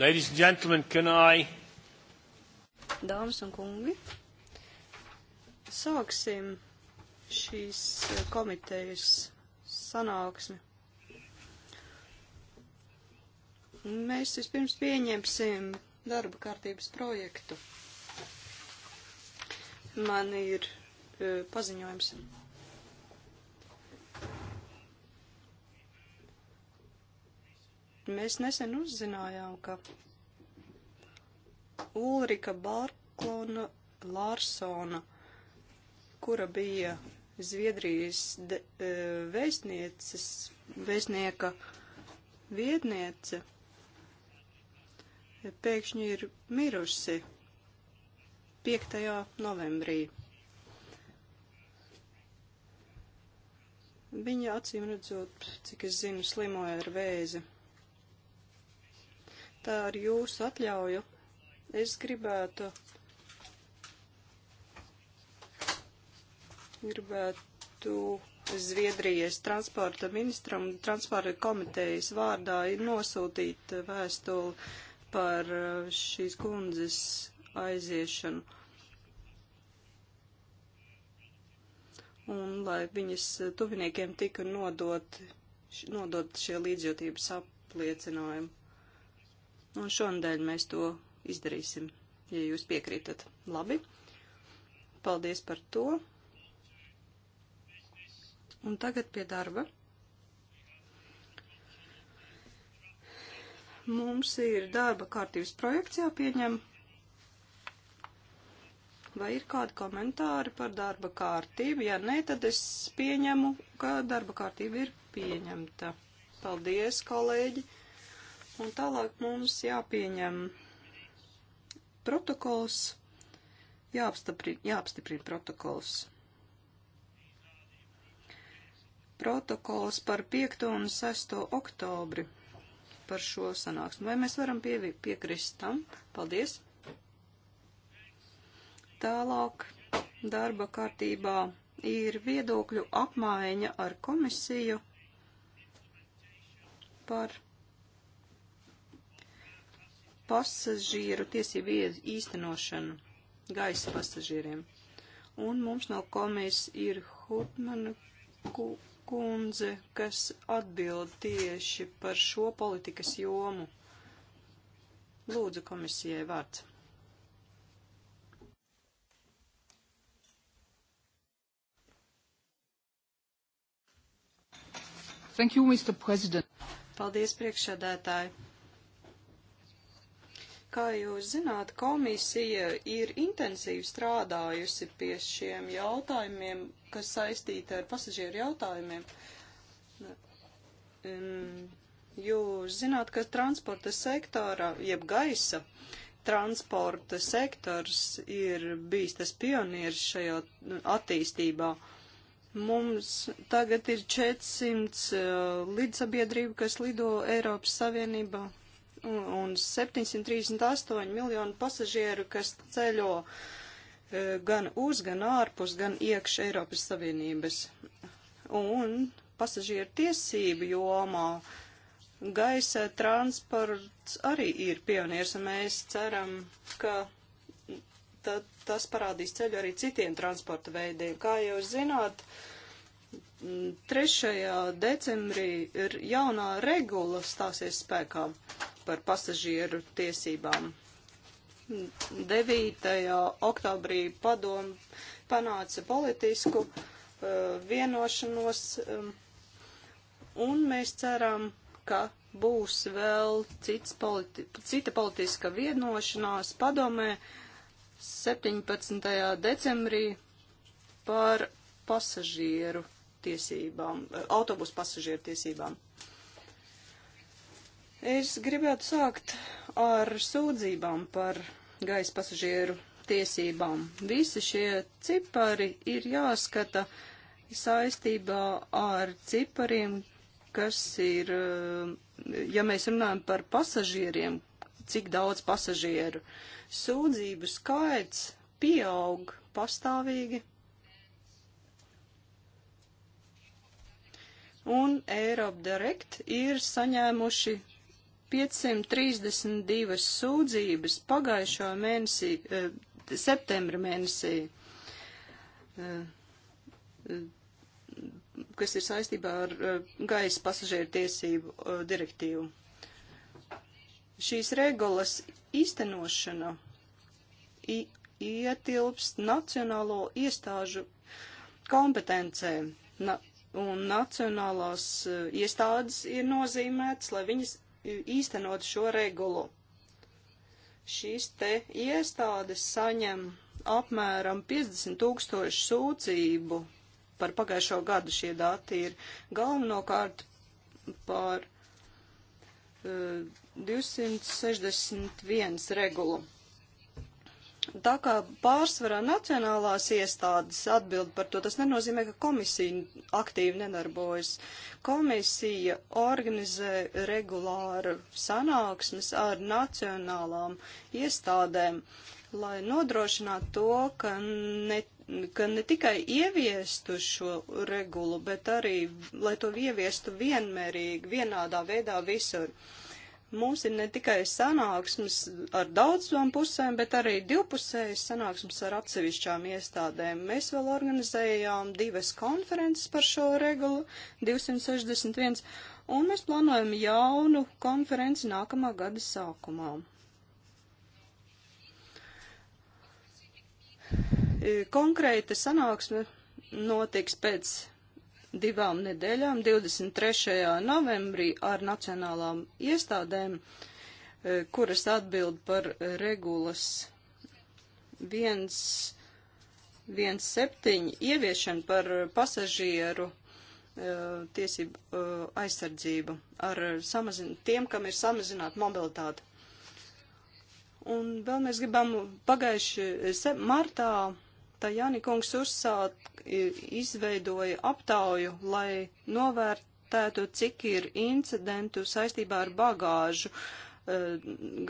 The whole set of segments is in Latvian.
Ladies and gentlemen, can I? Dāmas un kungi, sāksim šīs eh, komitejas sanāksmi. Mēs vispirms pieņemsim darba kārtības projektu. Man ir eh, paziņojums. Mēs nesen uzzinājām, ka Ulrika Barklona Larsona, kura bija Zviedrijas de, e, vēstnieces, vēstnieka vietniece, pēkšņi ir mirusi 5. novembrī. Viņa acīm redzot, cik es zinu, slimoja ar vēzi. Tā ar jūsu atļauju es gribētu, gribētu Zviedrijas transporta ministram un transporta komitejas vārdā nosūtīt vēstuli par uh, šīs kundzes aiziešanu. Un lai viņas tuviniekiem tika nodot, nodot šie līdzjūtības apliecinājumi. Un šonadēļ mēs to izdarīsim, ja jūs piekrītat. Labi. Paldies par to. Un tagad pie darba. Mums ir darba kārtības projekts jāpieņem. Vai ir kādi komentāri par darba kārtību? Ja nē, tad es pieņemu, ka darba kārtība ir pieņemta. Paldies, kolēģi! Un tālāk mums jāpieņem protokols, jāapstiprina, jāapstiprina protokols. Protokols par 5. un 6. oktobri par šo sanāksmu. Vai mēs varam pie, piekrist tam? Paldies! Tālāk darba kārtībā ir viedokļu apmaiņa ar komisiju par pasažieru tiesību īstenošanu gaisa pasažieriem. Un mums no komijas ir Hutmana kundze, kas atbild tieši par šo politikas jomu. Lūdzu komisijai vārds. Thank you, Mr. President. Paldies, priekšsēdētāji. Kā jūs zināt, komisija ir intensīvi strādājusi pie šiem jautājumiem, kas saistīti ar pasažieru jautājumiem. Jūs zināt, ka transporta sektora, jeb gaisa transporta sektors ir bijis tas pionieris šajā attīstībā. Mums tagad ir 400 uh, lidsabiedrību, kas lido Eiropas Savienībā un 738 miljonu pasažieru, kas ceļo e, gan uz, gan ārpus, gan iekš Eiropas Savienības. Un pasažieru tiesību jomā gaisa transports arī ir pionieris, un mēs ceram, ka tad tas parādīs ceļu arī citiem transporta veidiem. Kā jūs zināt, 3. decembrī ir jaunā regula stāsies spēkā par pasažieru tiesībām. 9. oktobrī padomu panāca politisku uh, vienošanos, um, un mēs ceram, ka būs vēl cits politi cita politiska vienošanās padomē 17. decembrī par pasažieru tiesībām, uh, autobusu pasažieru tiesībām. Es gribētu sākt ar sūdzībām par gaisa pasažieru tiesībām. Visi šie cipari ir jāskata saistībā ar cipariem, kas ir, ja mēs runājam par pasažieriem, cik daudz pasažieru. Sūdzību skaits pieaug pastāvīgi. Un Europe Direct ir saņēmuši 532 sūdzības pagājušo mēnesī, eh, septembra mēnesī, eh, eh, kas ir saistībā ar gaisa pasažieru tiesību direktīvu. Šīs regulas īstenošana ietilpst nacionālo iestāžu kompetencē, na, un nacionālās iestādes ir nozīmētas, lai viņas īstenot šo regulu. Šīs te iestādes saņem apmēram 50 tūkstošu sūdzību par pagājušo gadu. Šie dati ir galvenokārt par uh, eh, 261 regulu. Tā kā pārsvarā nacionālās iestādes atbild par to, tas nenozīmē, ka komisija aktīvi nedarbojas. Komisija organizē regulāru sanāksmes ar nacionālām iestādēm, lai nodrošinātu to, ka ne, ka ne tikai ieviestu šo regulu, bet arī, lai to ieviestu vienmērīgi, vienādā veidā visur. Uh, Mums ir ne tikai sanāksmes ar daudzām pusēm, bet arī divpusējas sanāksmes ar atsevišķām iestādēm. Mēs vēl organizējām divas konferences par šo regulu 261, un mēs plānojam jaunu konferenci nākamā gada sākumā. Konkrēta sanāksme notiks pēc divām nedēļām, 23. novembrī, ar nacionālām iestādēm, e, kuras atbild par regulas 1.7 ieviešanu par pasažieru e, tiesību e, aizsardzību ar samazin, tiem, kam ir samazināta mobilitāte. Un vēl mēs gribam pagājuši martā Tajani kungs uzsāk izveidoja aptauju, lai novērtētu, cik ir incidentu saistībā ar bagāžu e,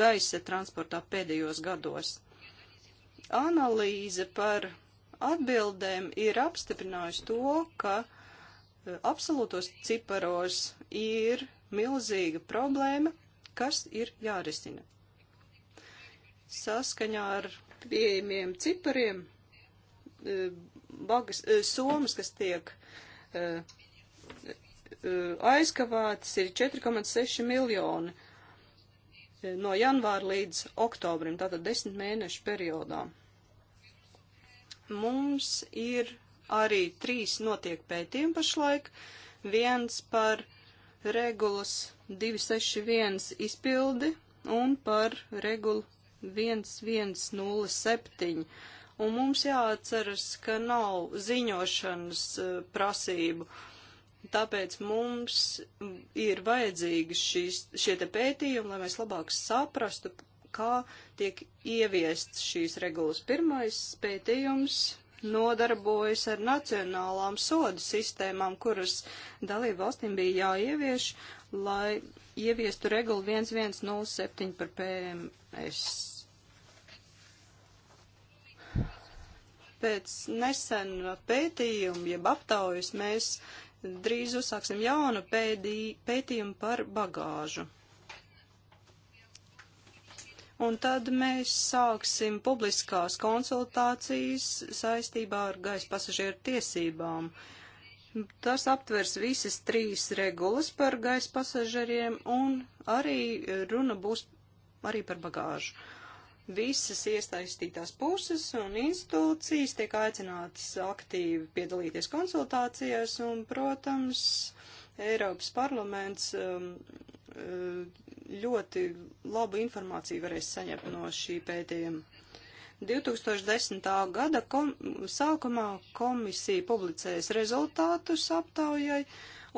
gaisa transportā pēdējos gados. Analīze par atbildēm ir apstiprinājusi to, ka e, absolūtos ciparos ir milzīga problēma, kas ir jārisina. Saskaņā ar pieejamiem cipariem E, bagas, e, somas, kas tiek e, aizkavētas, ir 4,6 miljoni no janvāra līdz oktobrim, tātad desmit mēnešu periodā. Mums ir arī trīs notiek pētījumi pašlaik, viens par regulas 261 izpildi un par regulu 1107 un mums jāatceras, ka nav ziņošanas eh, prasību. Tāpēc mums ir vajadzīgi šīs, šie te pētījumi, lai mēs labāk saprastu, kā tiek ieviest šīs regulas. Pirmais pētījums nodarbojas ar nacionālām sodu sistēmām, kuras dalību valstīm bija jāievieš, lai ieviestu regulu 1107 par PMS. Pēc nesen pētījumu, jeb aptaujas, mēs drīz uzsāksim jaunu pēdī, pētījumu par bagāžu. Un tad mēs sāksim publiskās konsultācijas saistībā ar gaisa pasažieru tiesībām. Tas aptvers visas trīs regulas par gaisa pasažieriem un arī runa būs arī par bagāžu. Uh, visas iesaistītās puses un institūcijas tiek aicinātas aktīvi piedalīties konsultācijās un, protams, Eiropas parlaments um, uh, ļoti labu informāciju varēs saņemt no šī pētījuma. 2010. gada kom sākumā komisija publicēs rezultātus aptaujai,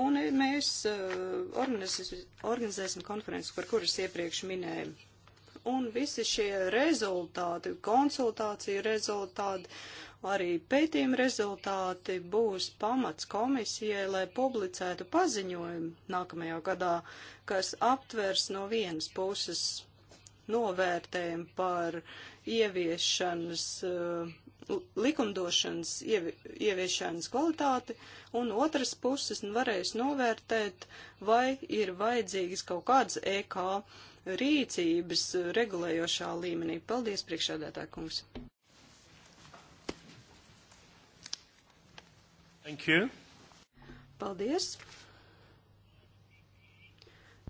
un mēs uh, organizēsim konferences, par kuras iepriekš minējām un visi šie rezultāti, konsultāciju rezultāti, arī pētījuma rezultāti būs pamats komisijai, lai publicētu paziņojumu nākamajā gadā, kas aptvers no vienas puses novērtējumu par ieviešanas uh, likumdošanas ievi, ieviešanas kvalitāti, un otras puses varēs novērtēt, vai ir vajadzīgas kaut kādas EK rīcības regulējošā līmenī. Paldies, priekšādētā kungs. Thank you. Paldies.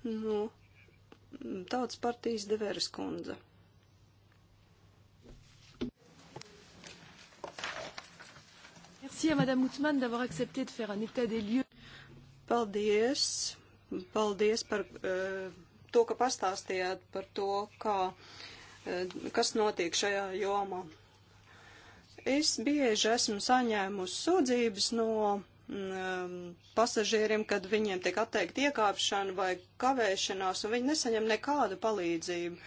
Nu, tautas partijas devēras kundze. Merci à Madame Outman d'avoir accepté de faire un état des lieux. Paldies. Paldies par uh, to, ka pastāstījāt par to, kā, e, kas notiek šajā jomā. Es bieži esmu saņēmusi sūdzības no um, pasažieriem, kad viņiem tiek atteikta iekāpšana vai kavēšanās, un viņi nesaņem nekādu palīdzību.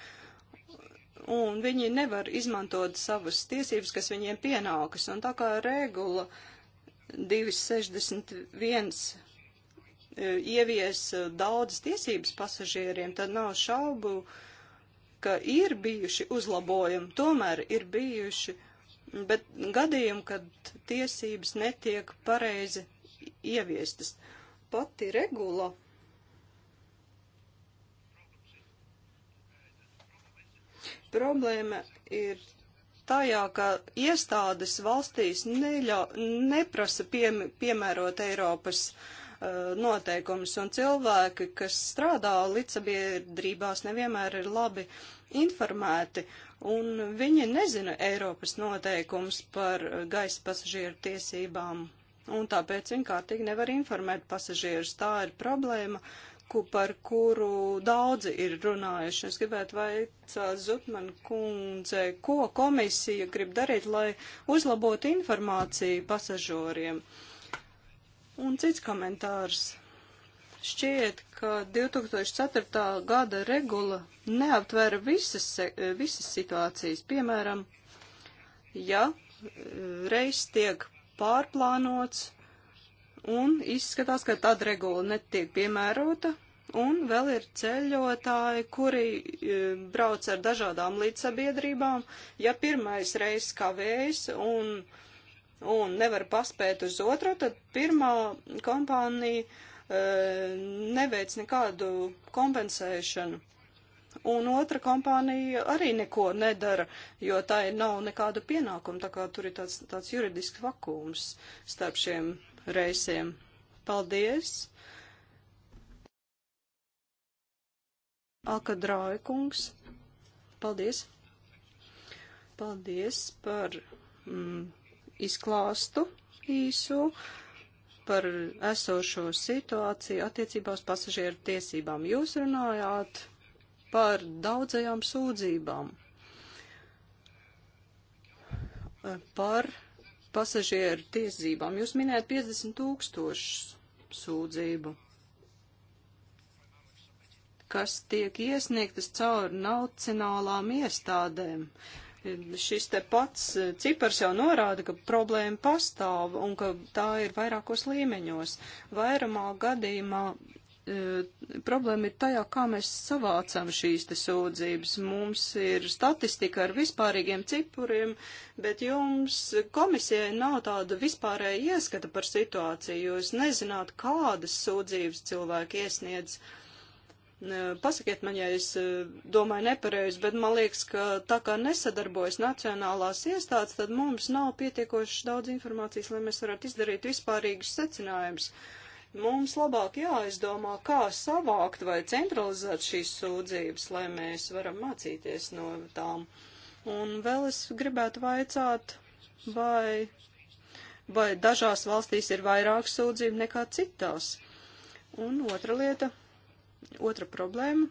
Un viņi nevar izmantot savas tiesības, kas viņiem pienākas. Un tā kā regula 261 ievies eh, daudzas tiesības pasažieriem, tad nav šaubu, ka ir bijuši uzlabojumi, tomēr ir bijuši, bet gadījumi, kad tiesības netiek pareizi ieviestas. Pati regula problēma ir tajā, ka iestādes valstīs neļa, neprasa piem, piemērot Eiropas uh, Uh, noteikumus, un cilvēki, kas strādā līdzsabiedrībās, nevienmēr ir labi informēti, un viņi nezina Eiropas noteikumus par gaisa pasažieru tiesībām, un tāpēc viņi kārtīgi nevar informēt pasažierus. Tā ir problēma, ku, par kuru daudzi ir runājuši. Es gribētu vaicāt Zutman kundze, ko komisija grib darīt, lai uzlabotu informāciju pasažoriem. Uh, Un cits komentārs. Šķiet, ka 2004. gada regula neaptvēra visas, visas situācijas. Piemēram, ja e, reis tiek pārplānots un izskatās, ka tāda regula netiek piemērota, un vēl ir ceļotāji, kuri e, brauc ar dažādām līdzsabiedrībām, ja pirmais reizes kavējas un uh, un nevar paspēt uz otru, tad pirmā kompānija e, neveic nekādu kompensēšanu. Un otra kompānija arī neko nedara, jo tā ir nav nekādu pienākumu, tā kā tur ir tāds, tāds juridisks vakums starp šiem reisiem. Paldies! Alkadrāja kungs, paldies! Paldies par mm, izklāstu īsu par esošo situāciju attiecībā uz pasažieru tiesībām. Jūs runājāt par daudzajām sūdzībām, eh, par pasažieru tiesībām. Jūs minējat 50 tūkstošu sūdzību, kas tiek iesniegtas caur nacionālām iestādēm. Uh, Šis te pats eh, cipars jau norāda, ka problēma pastāv un ka tā ir vairākos līmeņos. Vairumā gadījumā eh, problēma ir tajā, kā mēs savācam šīs te sūdzības. Mums ir statistika ar vispārīgiem cipuriem, bet jums eh, komisijai nav tāda vispārēja ieskata par situāciju, jo es nezinātu, kādas sūdzības cilvēki iesniedz. Uh, E, pasakiet man, ja es e, domāju nepareizi, bet man liekas, ka tā kā nesadarbojas nacionālās iestādes, tad mums nav pietiekoši daudz informācijas, lai mēs varētu izdarīt vispārīgus secinājumus. Mums labāk jāizdomā, kā savākt vai centralizēt šīs sūdzības, lai mēs varam mācīties no tām. Un vēl es gribētu vaicāt, vai, vai dažās valstīs ir vairāk sūdzību nekā citās. Un otra lieta Otra problēma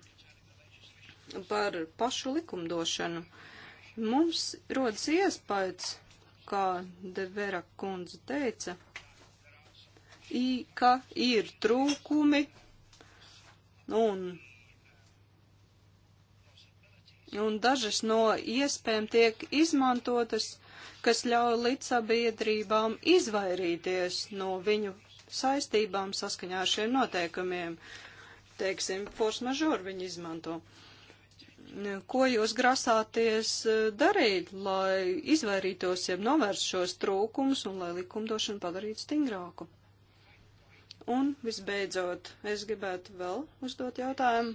par pašu likumdošanu. Mums rodas iespējas, kā Devera kundze teica, ka ir trūkumi un, un dažas no iespējām tiek izmantotas, kas ļauj līdzsabiedrībām izvairīties no viņu saistībām saskaņā ar šiem noteikumiem. Uh, teiksim, force majeure viņi izmanto. Ko jūs grasāties eh, darīt, lai izvairītos, ja novērst šos trūkumus un lai likumdošanu padarītu stingrāku? Un visbeidzot, es gribētu vēl uzdot jautājumu.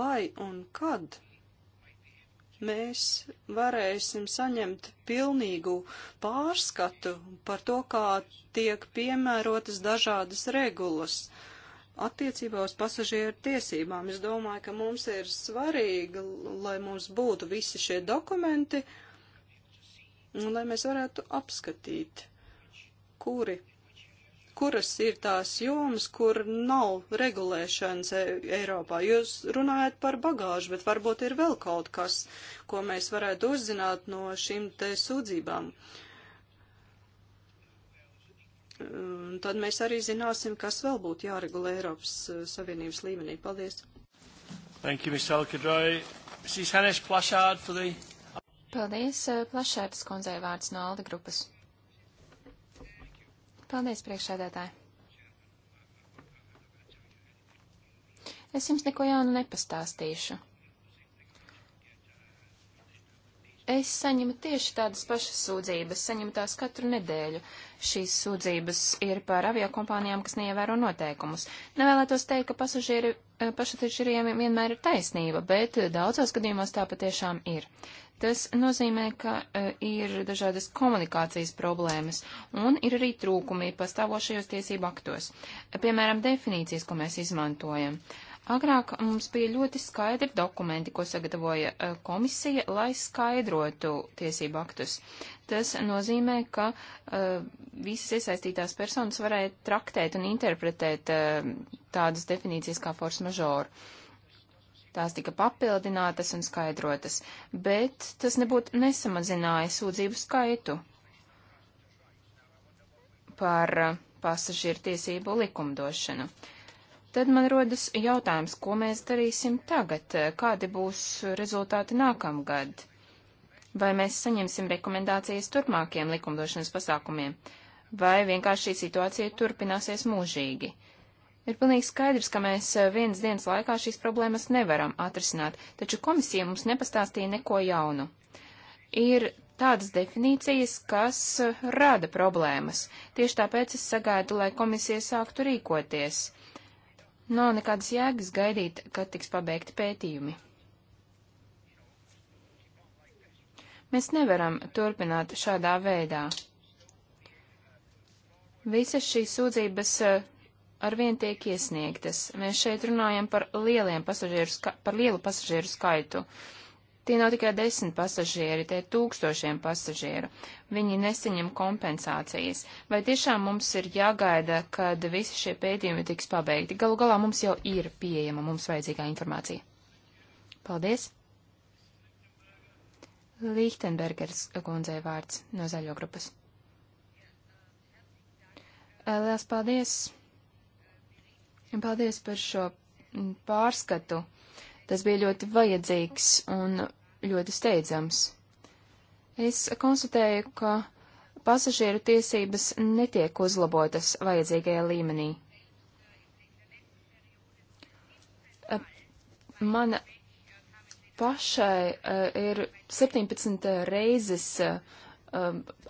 Vai un kad mēs varēsim saņemt pilnīgu pārskatu par to, kā tiek piemērotas dažādas regulas attiecībā uz pasažieru tiesībām. Es domāju, ka mums ir svarīgi, lai mums būtu visi šie dokumenti, un lai mēs varētu apskatīt, kuri kuras ir tās jomas, kur nav regulēšanas e, Eiropā. Jūs runājat par bagāžu, bet varbūt ir vēl kaut kas, ko mēs varētu uzzināt no šīm te sūdzībām. Un tad mēs arī zināsim, kas vēl būtu jāregulē Eiropas e, Savienības līmenī. Paldies! Thank you, Ms. Alkadrai. Mrs. Hannes Plašād for the... Paldies, e, Plašādas kundzei vārds no Alda grupas. Paldies, priekšsēdētāji. Es jums neko jaunu nepastāstīšu. Es saņemu tieši tādas pašas sūdzības, saņemu tās katru nedēļu. Šīs sūdzības ir par aviokompānijām, kas neievēro noteikumus. Nevēlētos teikt, ka pasažieri, eh, pasažieriem vienmēr ir taisnība, bet eh, daudzos gadījumos tā patiešām ir. Tas nozīmē, ka e, ir dažādas komunikācijas problēmas un ir arī trūkumi pastāvošajos tiesību aktos. Piemēram, definīcijas, ko mēs izmantojam. Agrāk mums bija ļoti skaidri dokumenti, ko sagatavoja e, komisija, lai skaidrotu tiesību aktus. Tas nozīmē, ka uh, visas iesaistītās personas varēja traktēt un interpretēt uh, tādas definīcijas kā force majeure tās tika papildinātas un skaidrotas, bet tas nebūtu nesamazināja sūdzību skaitu par pasažieru tiesību likumdošanu. Tad man rodas jautājums, ko mēs darīsim tagad, kādi būs rezultāti nākamgad, vai mēs saņemsim rekomendācijas turpmākiem likumdošanas pasākumiem, vai vienkārši šī situācija turpināsies mūžīgi. Ir pilnīgi skaidrs, ka mēs eh, vienas dienas laikā šīs problēmas nevaram atrisināt, taču komisija mums nepastāstīja neko jaunu. Ir tādas definīcijas, kas eh, rada problēmas. Tieši tāpēc es sagaidu, lai komisija sāktu rīkoties. Nav nekādas jēgas gaidīt, kad tiks pabeigti pētījumi. Mēs nevaram turpināt šādā veidā. Visas šīs sūdzības eh, arvien tiek iesniegtas. Mēs šeit runājam par, pasažieru, par lielu pasažieru skaitu. Tie nav tikai desmit pasažieri, tie ir tūkstošiem pasažieru. Viņi nesaņem kompensācijas. Vai tiešām mums ir jāgaida, kad visi šie pētījumi tiks pabeigti? Galu galā mums jau ir pieejama mums vajadzīgā informācija. Paldies! Lichtenbergers kundzei vārds no zaļo grupas. Lielas paldies! Paldies par šo mm, pārskatu. Tas bija ļoti vajadzīgs un ļoti steidzams. Es konstatēju, ka pasažieru tiesības netiek uzlabotas vajadzīgajā līmenī. Man pašai ir 17 reizes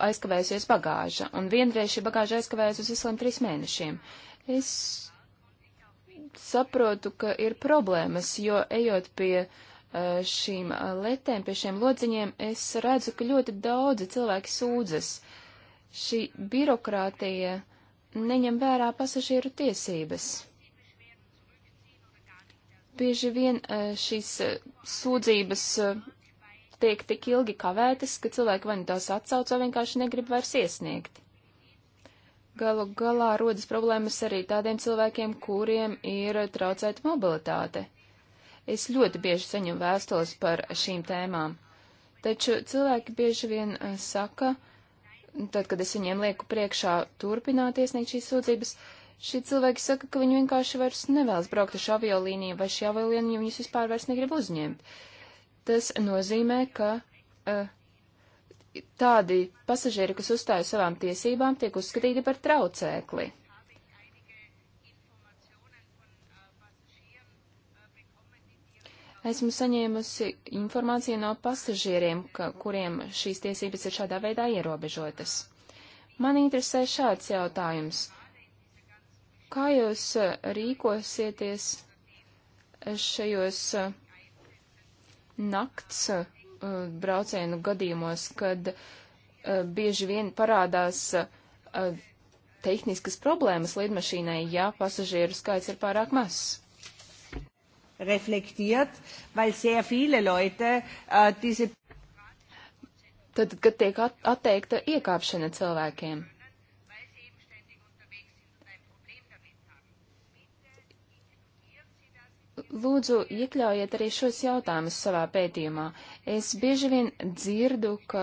aizkavējusies bagāža, un vienreiz šī bagāža aizkavējusies uz visiem trim mēnešiem. Es saprotu, ka ir problēmas, jo ejot pie šīm letēm, pie šiem lodziņiem, es redzu, ka ļoti daudzi cilvēki sūdzas. Šī birokrātija neņem vērā pasažieru tiesības. Bieži vien šīs sūdzības tiek tik ilgi kavētas, ka cilvēki vai nu tās atsauc, vai vienkārši negrib vairs iesniegt. Galu galā rodas problēmas arī tādiem cilvēkiem, kuriem ir traucēta mobilitāte. Es ļoti bieži saņemu vēstules par šīm tēmām, taču cilvēki bieži vien eh, saka, tad, kad es viņiem lieku priekšā turpināt iesniegt šīs sūdzības, šie cilvēki saka, ka viņi vienkārši vairs nevēlas braukt uz aviolīniju, vai šī aviolīnija viņus vispār vairs negrib uzņemt. Tas nozīmē, ka uh, tādi pasažieri, kas uzstāja savām tiesībām, tiek uzskatīti par traucēkli. Esmu saņēmusi informāciju no pasažieriem, ka, kuriem šīs tiesības ir šādā veidā ierobežotas. Man interesē šāds jautājums. Kā jūs eh, rīkosieties eh, šajos eh, nakts Uh, braucienu gadījumos, kad uh, bieži vien parādās uh, tehniskas problēmas lidmašīnai, ja pasažieru skaits ir pārāk mazs reflektiert, weil sehr viele Leute äh, diese. Tad, kad tiek at atteikta iekāpšana cilvēkiem. Lūdzu, iekļaujiet arī šos jautājumus savā pētījumā. Es bieži vien dzirdu, ka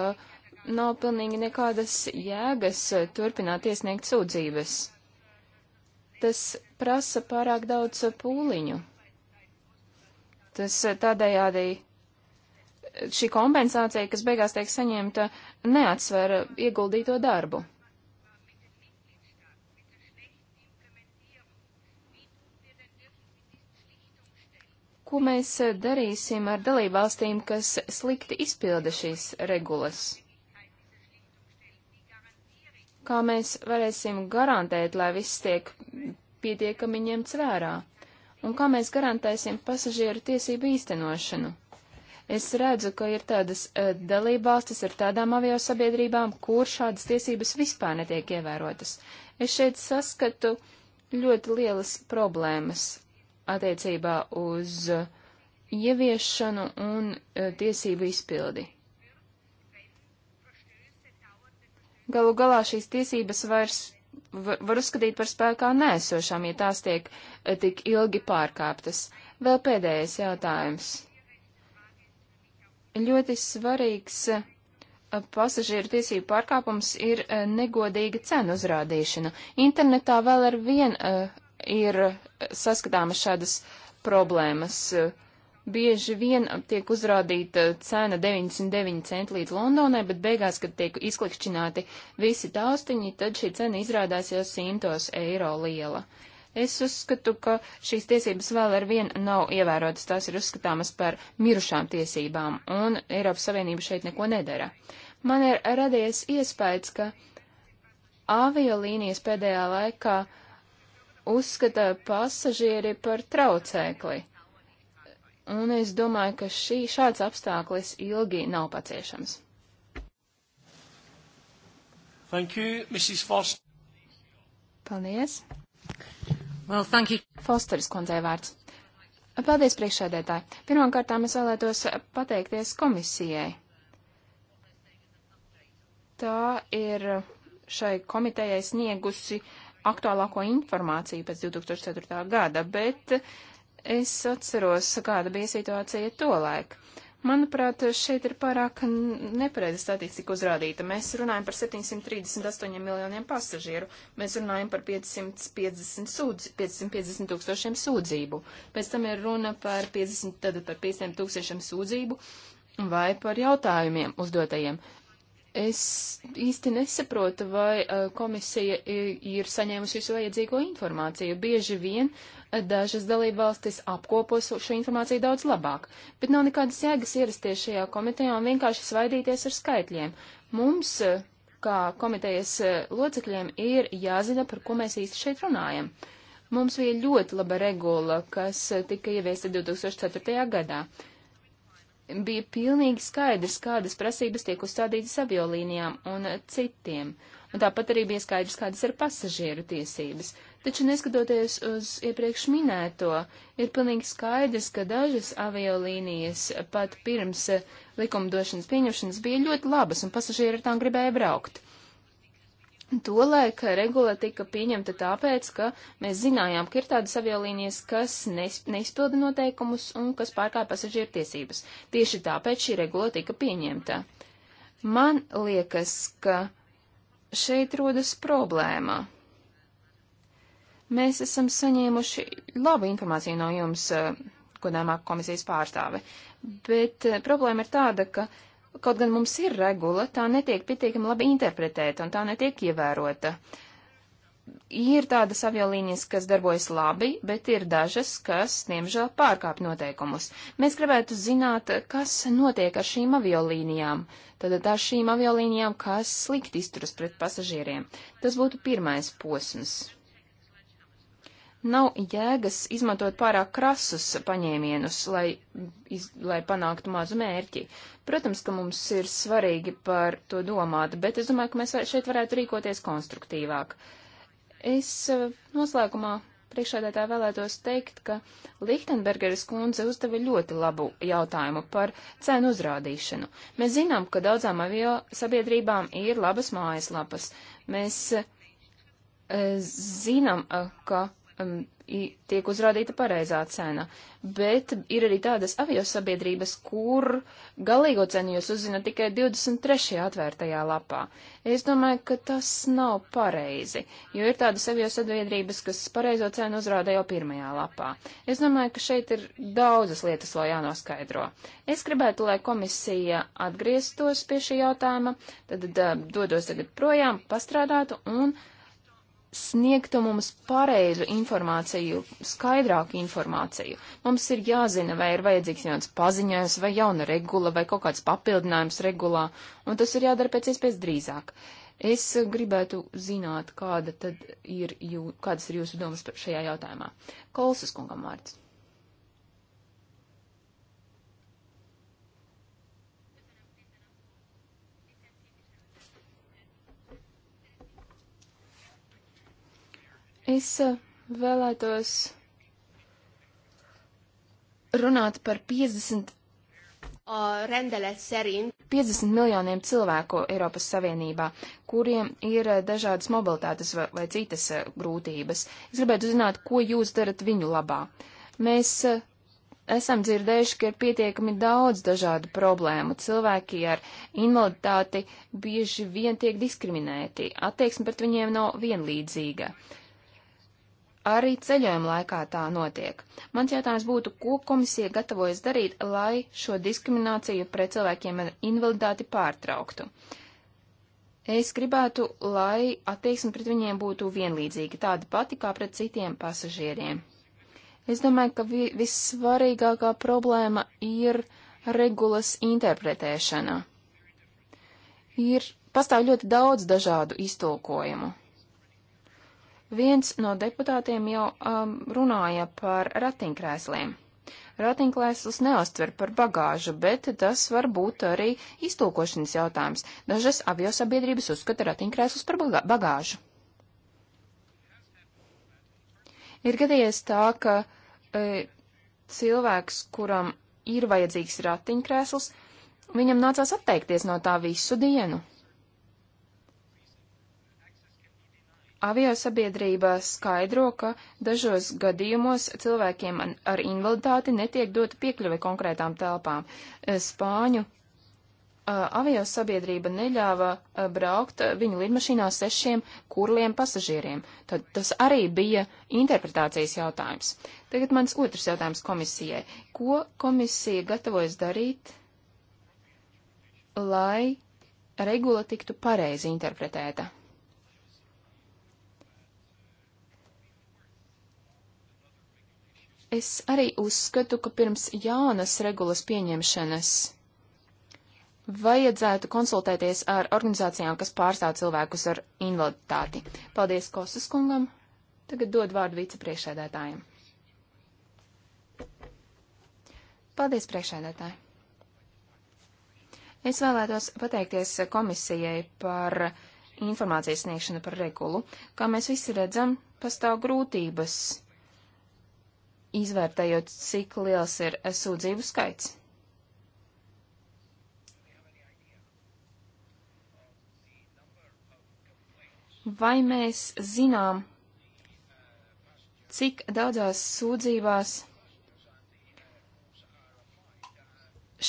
nav pilnīgi nekādas jēgas turpināt iesniegt sūdzības. Tas prasa pārāk daudz pūliņu. Tas tādējādi šī kompensācija, kas beigās tiek saņemta, neatsver ieguldīto darbu. ko mēs eh, darīsim ar dalībvalstīm, kas slikti izpilda šīs regulas? Kā mēs varēsim garantēt, lai viss tiek pietiekami ņemts vērā? Un kā mēs garantēsim pasažieru tiesību īstenošanu? Es redzu, ka ir tādas eh, dalībvalstis ar tādām aviosabiedrībām, kur šādas tiesības vispār netiek ievērotas. Es šeit saskatu ļoti lielas problēmas attiecībā uz uh, ieviešanu un uh, tiesību izpildi. Galu galā šīs tiesības vairs var uzskatīt par spēkā nēsošām, ja tās tiek uh, tik ilgi pārkāptas. Vēl pēdējais jautājums. Ļoti svarīgs pasažieru tiesību pārkāpums ir negodīga cenu uzrādīšana. Internetā vēl ar vien uh, ir saskatāmas šādas problēmas. Bieži vien tiek uzrādīta cena 99 centi līdz Londonai, bet beigās, kad tiek izklikšķināti visi taustiņi, tad šī cena izrādās jau 100 eiro liela. Es uzskatu, ka šīs tiesības vēl ar vienu nav ievērotas, tās ir uzskatāmas par mirušām tiesībām, un Eiropas Savienība šeit neko nedara. Man ir radies iespējas, ka aviolīnijas pēdējā laikā uh, uzskata pasažieri par traucēkli. Un es domāju, ka šī šāds apstākļis ilgi nav paciešams. Thank you, Mrs. Foster. Paldies. Well, thank you. Fosteris kundzei vārds. Paldies, priekšsēdētāji. Pirmkārtām es vēlētos pateikties komisijai. Tā ir šai komitejai sniegusi uh, aktuālāko informāciju pēc 2004. gada, bet es atceros, kāda bija situācija tolaik. Manuprāt, šeit ir pārāk nepareiza statistika uzrādīta. Mēs runājam par 738 miljoniem pasažieru, mēs runājam par 550, sūdz, 550 tūkstošiem sūdzību, pēc tam ir runa par 50, tad par 500 tūkstošiem sūdzību vai par jautājumiem uzdotajiem. Uh, Es īsti nesaprotu, vai komisija ir saņēmusi visu vajadzīgo informāciju. Bieži vien dažas dalībvalstis apkopos šo informāciju daudz labāk, bet nav nekādas jēgas ierasties šajā komitejā un vienkārši svaidīties ar skaitļiem. Mums, kā komitejas locekļiem, ir jāzina, par ko mēs īsti šeit runājam. Mums bija ļoti laba regula, kas tika ieviesta 2004. gadā bija pilnīgi skaidrs, kādas prasības tiek uzstādītas aviolīnijām un citiem, un tāpat arī bija skaidrs, kādas ir pasažieru tiesības. Taču, neskatoties uz iepriekš minēto, ir pilnīgi skaidrs, ka dažas aviolīnijas pat pirms likumdošanas pieņemšanas bija ļoti labas, un pasažieri ar tām gribēja braukt. Tolaik regula tika pieņemta tāpēc, ka mēs zinājām, ka ir tādas aviolīnijas, kas neizpilda noteikumus un kas pārkāpj pasažieru tiesības. Tieši tāpēc šī regula tika pieņemta. Man liekas, ka šeit rodas problēma. Mēs esam saņēmuši labu informāciju no jums, eh, godāmā komisijas pārstāve, bet eh, problēma ir tāda, ka Kaut gan mums ir regula, tā netiek pietiekami labi interpretēta un tā netiek ievērota. Ir tādas aviolīnijas, kas darbojas labi, bet ir dažas, kas, diemžēl, pārkāp noteikumus. Mēs gribētu zināt, kas notiek ar šīm aviolīnijām. Tad ar šīm aviolīnijām, kas slikti izturas pret pasažieriem. Tas būtu pirmais posms. Nav jēgas izmantot pārāk krasus paņēmienus, lai, iz, lai panāktu mazu mērķi. Protams, ka mums ir svarīgi par to domāt, bet es domāju, ka mēs šeit varētu rīkoties konstruktīvāk. Es eh, noslēgumā priekšādētā vēlētos teikt, ka Lichtenbergeres kundze uzdeva ļoti labu jautājumu par cenu uzrādīšanu. Mēs zinām, ka daudzām avio sabiedrībām ir labas mājaslapas. Mēs eh, zinām, eh, ka um, tiek uzrādīta pareizā cena. Bet ir arī tādas aviosabiedrības, kur galīgo cenu jūs uzzināt tikai 23. atvērtajā lapā. Es domāju, ka tas nav pareizi, jo ir tādas aviosabiedrības, kas pareizo cenu uzrāda jau pirmajā lapā. Es domāju, ka šeit ir daudzas lietas vēl jānoskaidro. Es gribētu, lai komisija atgrieztos pie šī jautājuma, tad, tad uh, dodos tagad projām, pastrādātu un sniegtu mums pareizu informāciju, skaidrāku informāciju. Mums ir jāzina, vai ir vajadzīgs jauns paziņojums, vai jauna regula, vai kaut kāds papildinājums regulā, un tas ir jādara pēc iespējas drīzāk. Es gribētu zināt, kāda tad ir, jū, kādas ir jūsu domas šajā jautājumā. Kolsas kungam vārds. Es eh, vēlētos runāt par 50 rendelet szerint 50 miljoniem cilvēku Eiropas Savienībā, kuriem ir eh, dažādas mobilitātes vai, vai citas eh, grūtības. Es gribētu zināt, ko jūs darat viņu labā. Mēs esam dzirdējuši, ka ir pietiekami daudz dažādu problēmu. Cilvēki ar invaliditāti bieži vien tiek diskriminēti, attieksme pret viņiem nav vienlīdzīga. Uh, Arī ceļojuma laikā tā notiek. Mans jautājums būtu, ko komisija gatavojas darīt, lai šo diskrimināciju pret cilvēkiem ar invaliditāti pārtrauktu? Es gribētu, lai attieksme pret viņiem būtu vienlīdzīga, tāda pati kā pret citiem pasažieriem. Es domāju, ka vi vissvarīgākā problēma ir regulas interpretēšana. Ir pastāv ļoti daudz dažādu iztulkojumu. Viens no deputātiem jau um, runāja par ratinkrēsliem. Ratinklēsls neuztver par bagāžu, bet tas var būt arī iztulkošanas jautājums. Dažas aviosabiedrības uzskata ratinkrēslus par bagāžu. Ir gadījies tā, ka e, cilvēks, kuram ir vajadzīgs ratiņkrēsls, viņam nācās atteikties no tā visu dienu. Aviosabiedrība skaidro, ka dažos gadījumos cilvēkiem ar invaliditāti netiek dota piekļuve konkrētām telpām. Eh, Spāņu eh, aviosabiedrība neļāva eh, braukt viņu lidmašīnā sešiem kurliem pasažieriem. Tad tas arī bija interpretācijas jautājums. Tagad mans otrs jautājums komisijai. Ko komisija gatavojas darīt, lai regula tiktu pareizi interpretēta? Es arī uzskatu, ka pirms jaunas regulas pieņemšanas vajadzētu konsultēties ar organizācijām, kas pārstāv cilvēkus ar invaliditāti. Paldies Kosas kungam. Tagad dod vārdu vicepriekšēdētājiem. Paldies, priekšēdētāji. Es vēlētos pateikties komisijai par informācijas sniegšanu par regulu. Kā mēs visi redzam, pastāv grūtības izvērtējot, cik liels ir sūdzību skaits. Vai mēs zinām, cik daudzās sūdzībās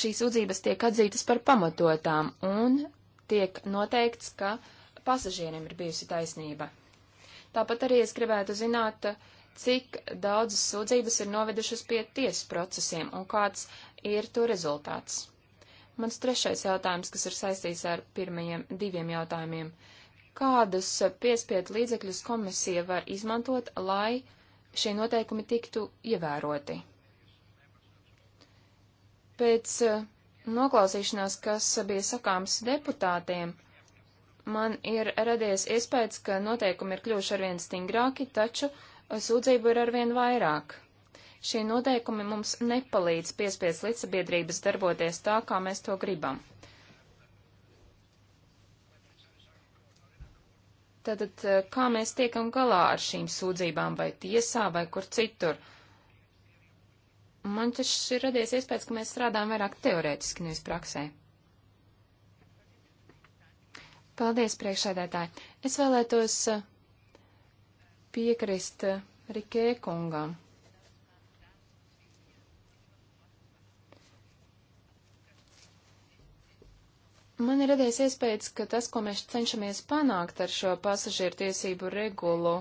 šīs sūdzības tiek atzītas par pamatotām un tiek noteikts, ka pasažierim ir bijusi taisnība? Tāpat arī es gribētu zināt, uh, cik daudzas sūdzības ir novedušas pie tiesas procesiem un kāds ir to rezultāts. Mans trešais jautājums, kas ir saistīts ar pirmajiem diviem jautājumiem. Kādus piespiedu līdzekļus komisija var izmantot, lai šie noteikumi tiktu ievēroti? Pēc eh, noklausīšanās, kas bija sakāms deputātiem, man ir radies iespējas, ka noteikumi ir kļuvuši arvien stingrāki, taču uh, sūdzību ir arvien vairāk. Šie noteikumi mums nepalīdz piespies līdzsabiedrības darboties tā, kā mēs to gribam. Tātad, eh, kā mēs tiekam galā ar šīm sūdzībām vai tiesā vai kur citur? Man tas ir radies iespējas, ka mēs strādājam vairāk teorētiski, nevis praksē. Paldies, priekšsēdētāji. Es vēlētos uh, piekrist Rikē kungam. Man ir radies iespējas, ka tas, ko mēs cenšamies panākt ar šo pasažieru tiesību regulu,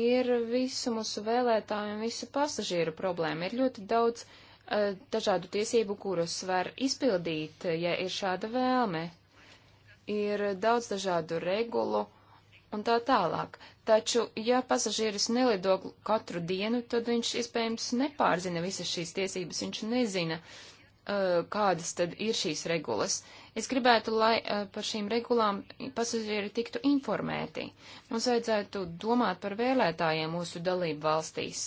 ir visu mūsu vēlētāju un visu pasažieru problēma. Ir ļoti daudz uh, dažādu tiesību, kurus var izpildīt, ja ir šāda vēlme ir daudz dažādu regulu un tā tālāk. Taču, ja pasažieris nelido katru dienu, tad viņš iespējams nepārzina visas šīs tiesības, viņš nezina, eh, kādas tad ir šīs regulas. Es gribētu, lai eh, par šīm regulām pasažieri tiktu informēti. Mums vajadzētu domāt par vēlētājiem mūsu dalību valstīs.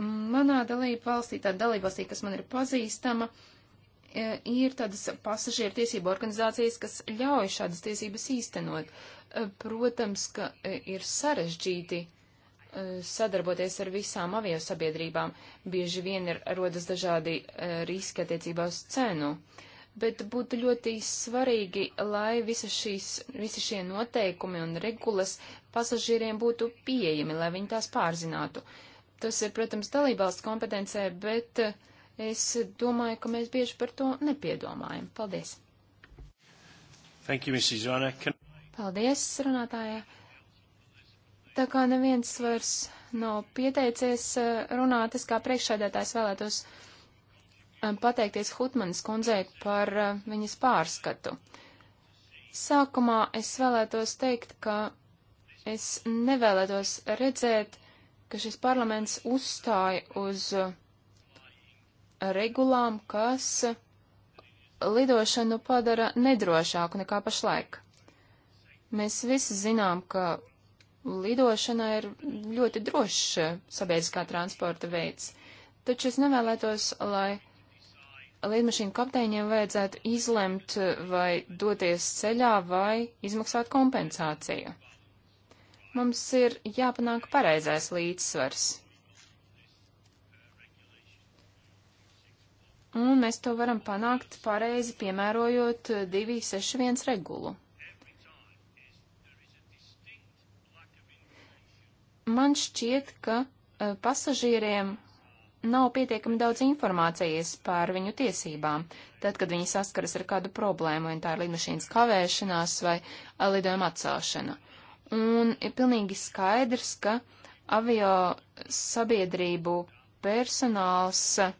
Manā dalību valstī, tā dalību valstī, kas man ir pazīstama, uh, E, ir tādas pasažieru tiesību organizācijas, kas ļauj šādas tiesības īstenot. E, protams, ka e, ir sarežģīti sadarboties ar visām aviosabiedrībām. Bieži vien ir rodas dažādi riski attiecībā uz cenu. Bet būtu ļoti svarīgi, lai visa šīs, visi šie noteikumi un regulas pasažieriem būtu pieejami, lai viņi tās pārzinātu. Tas ir, protams, dalībvalsts kompetencē, bet uh, Es domāju, ka mēs bieži par to nepiedomājam. Paldies! Thank you, Mrs. Rana. Can... Paldies, runātāja! Tā kā neviens vairs nav pieteicies uh, runāt, es kā priekšsēdētājs vēlētos um, pateikties Hutmanas kundzei par uh, viņas pārskatu. Sākumā es vēlētos teikt, ka es nevēlētos redzēt, ka šis parlaments uzstāja uz uh, regulām, kas lidošanu padara nedrošāku nekā pašlaik. Mēs visi zinām, ka lidošana ir ļoti drošs sabiedriskā transporta veids, taču es nevēlētos, lai lidmašīnu kapteiņiem vajadzētu izlemt, vai doties ceļā, vai izmaksāt kompensāciju. Mums ir jāpanāk pareizais līdzsvars. un mēs to varam panākt pareizi piemērojot 261 regulu. Man šķiet, ka eh, pasažieriem nav pietiekami daudz informācijas par viņu tiesībām, tad, kad viņi saskaras ar kādu problēmu, vai tā ir lidmašīnas kavēšanās vai eh, lidojuma atcelšana. Un ir pilnīgi skaidrs, ka avio sabiedrību personāls uh,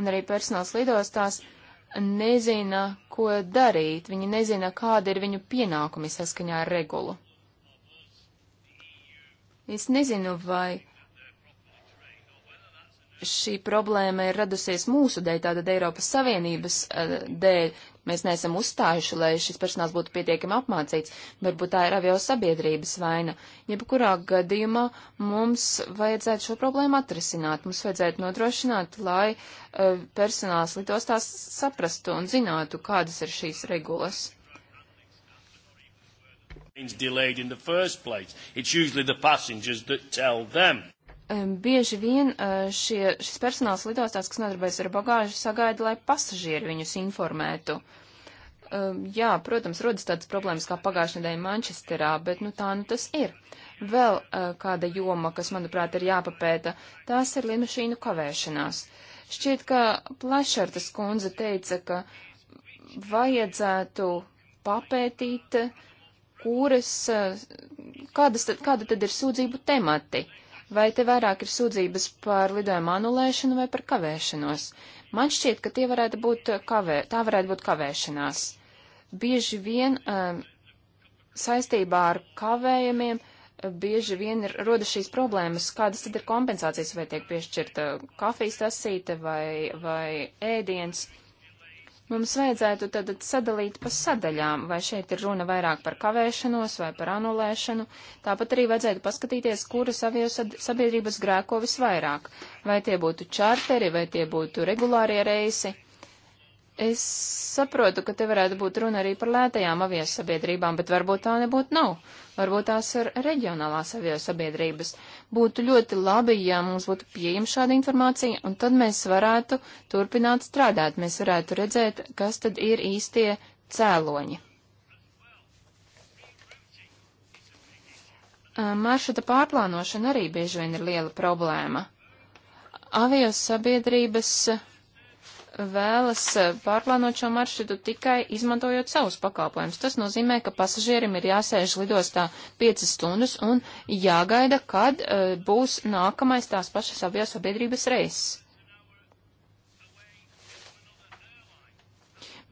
un arī personāls lidostās nezina, ko darīt, viņi nezina, kāda ir viņu pienākumi saskaņā ar regulu. Es nezinu, vai šī problēma ir radusies mūsu dēļ, tātad Eiropas Savienības eh, dēļ. Mēs neesam uzstājuši, lai šis personāls būtu pietiekami apmācīts. Varbūt tā ir avio sabiedrības vaina. Jebkurā gadījumā mums vajadzētu šo problēmu atrisināt. Mums vajadzētu nodrošināt, lai uh, personāls lidostās saprastu un zinātu, kādas ir šīs regulas. Delayed in the first place. It's usually the passengers that tell them bieži vien e, šie, šis personāls lidostās, kas nodarbojas ar bagāžu, sagaida, lai pasažieri viņus informētu. Jā, protams, rodas tādas problēmas kā pagājušajā nedēļā Manchesterā, bet nu tā nu tas ir. Vēl e, kāda joma, kas, manuprāt, ir jāpapēta, tās ir lidmašīnu kavēšanās. Šķiet, ka Plešartas kundze teica, ka vajadzētu papētīt, kuras, e, kādas tad, kāda tad ir sūdzību temati. Uh, Vai te vairāk ir sūdzības par lidojumu anulēšanu vai par kavēšanos? Man šķiet, ka tie varētu būt uh, kavē, tā varētu būt kavēšanās. Bieži vien um, saistībā ar kavējumiem uh, bieži vien ir rodas šīs problēmas, kādas tad ir kompensācijas, vai tiek piešķirta kafijas tasīte vai, vai ēdiens. Uh, Mums vajadzētu tad sadalīt pa sadaļām, vai šeit ir runa vairāk par kavēšanos vai par anulēšanu. Tāpat arī vajadzētu paskatīties, kuras aviosabiedrības grēko visvairāk. Vai tie būtu čarteri, vai tie būtu regulārie reisi. Es saprotu, ka te varētu būt runa arī par lētajām aviosabiedrībām, bet varbūt tā nebūtu nav. Varbūt tās ir reģionālās aviosabiedrības. Būtu ļoti labi, ja mums būtu pieejama šāda informācija, un tad mēs varētu turpināt strādāt. Mēs varētu redzēt, kas tad ir īstie cēloņi. Maršruta pārplānošana arī bieži vien ir liela problēma. Aviosabiedrības sabiedrības vēlas eh, pārplānot šo maršrutu tikai izmantojot savus pakalpojumus. Tas nozīmē, ka pasažierim ir jāsēž lidostā 5 stundas un jāgaida, kad uh, būs nākamais tās pašas aviosabiedrības reiss.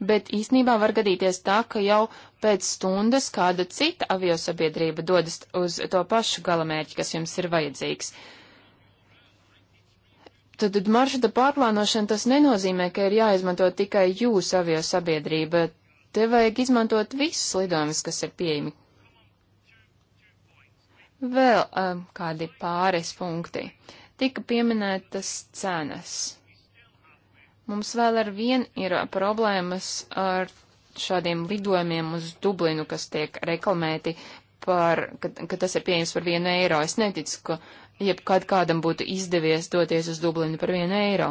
Bet īsnībā var gadīties tā, ka jau pēc stundas kāda cita aviosabiedrība dodas uz to pašu galamērķi, kas jums ir vajadzīgs. Uh, Tad maršruta pārplānošana tas nenozīmē, ka ir jāizmanto tikai jūsu avio sabiedrība. Te vajag izmantot visas lidojumus, kas ir pieejami. Vēl um, kādi pāris punkti. Tika pieminētas cenas. Mums vēl ar vien ir problēmas ar šādiem lidojumiem uz Dublinu, kas tiek reklamēti par, ka, ka tas ir pieejams par vienu eiro. Es neticu, ka jebkad kādam būtu izdevies doties uz Dublinu par vienu eiro.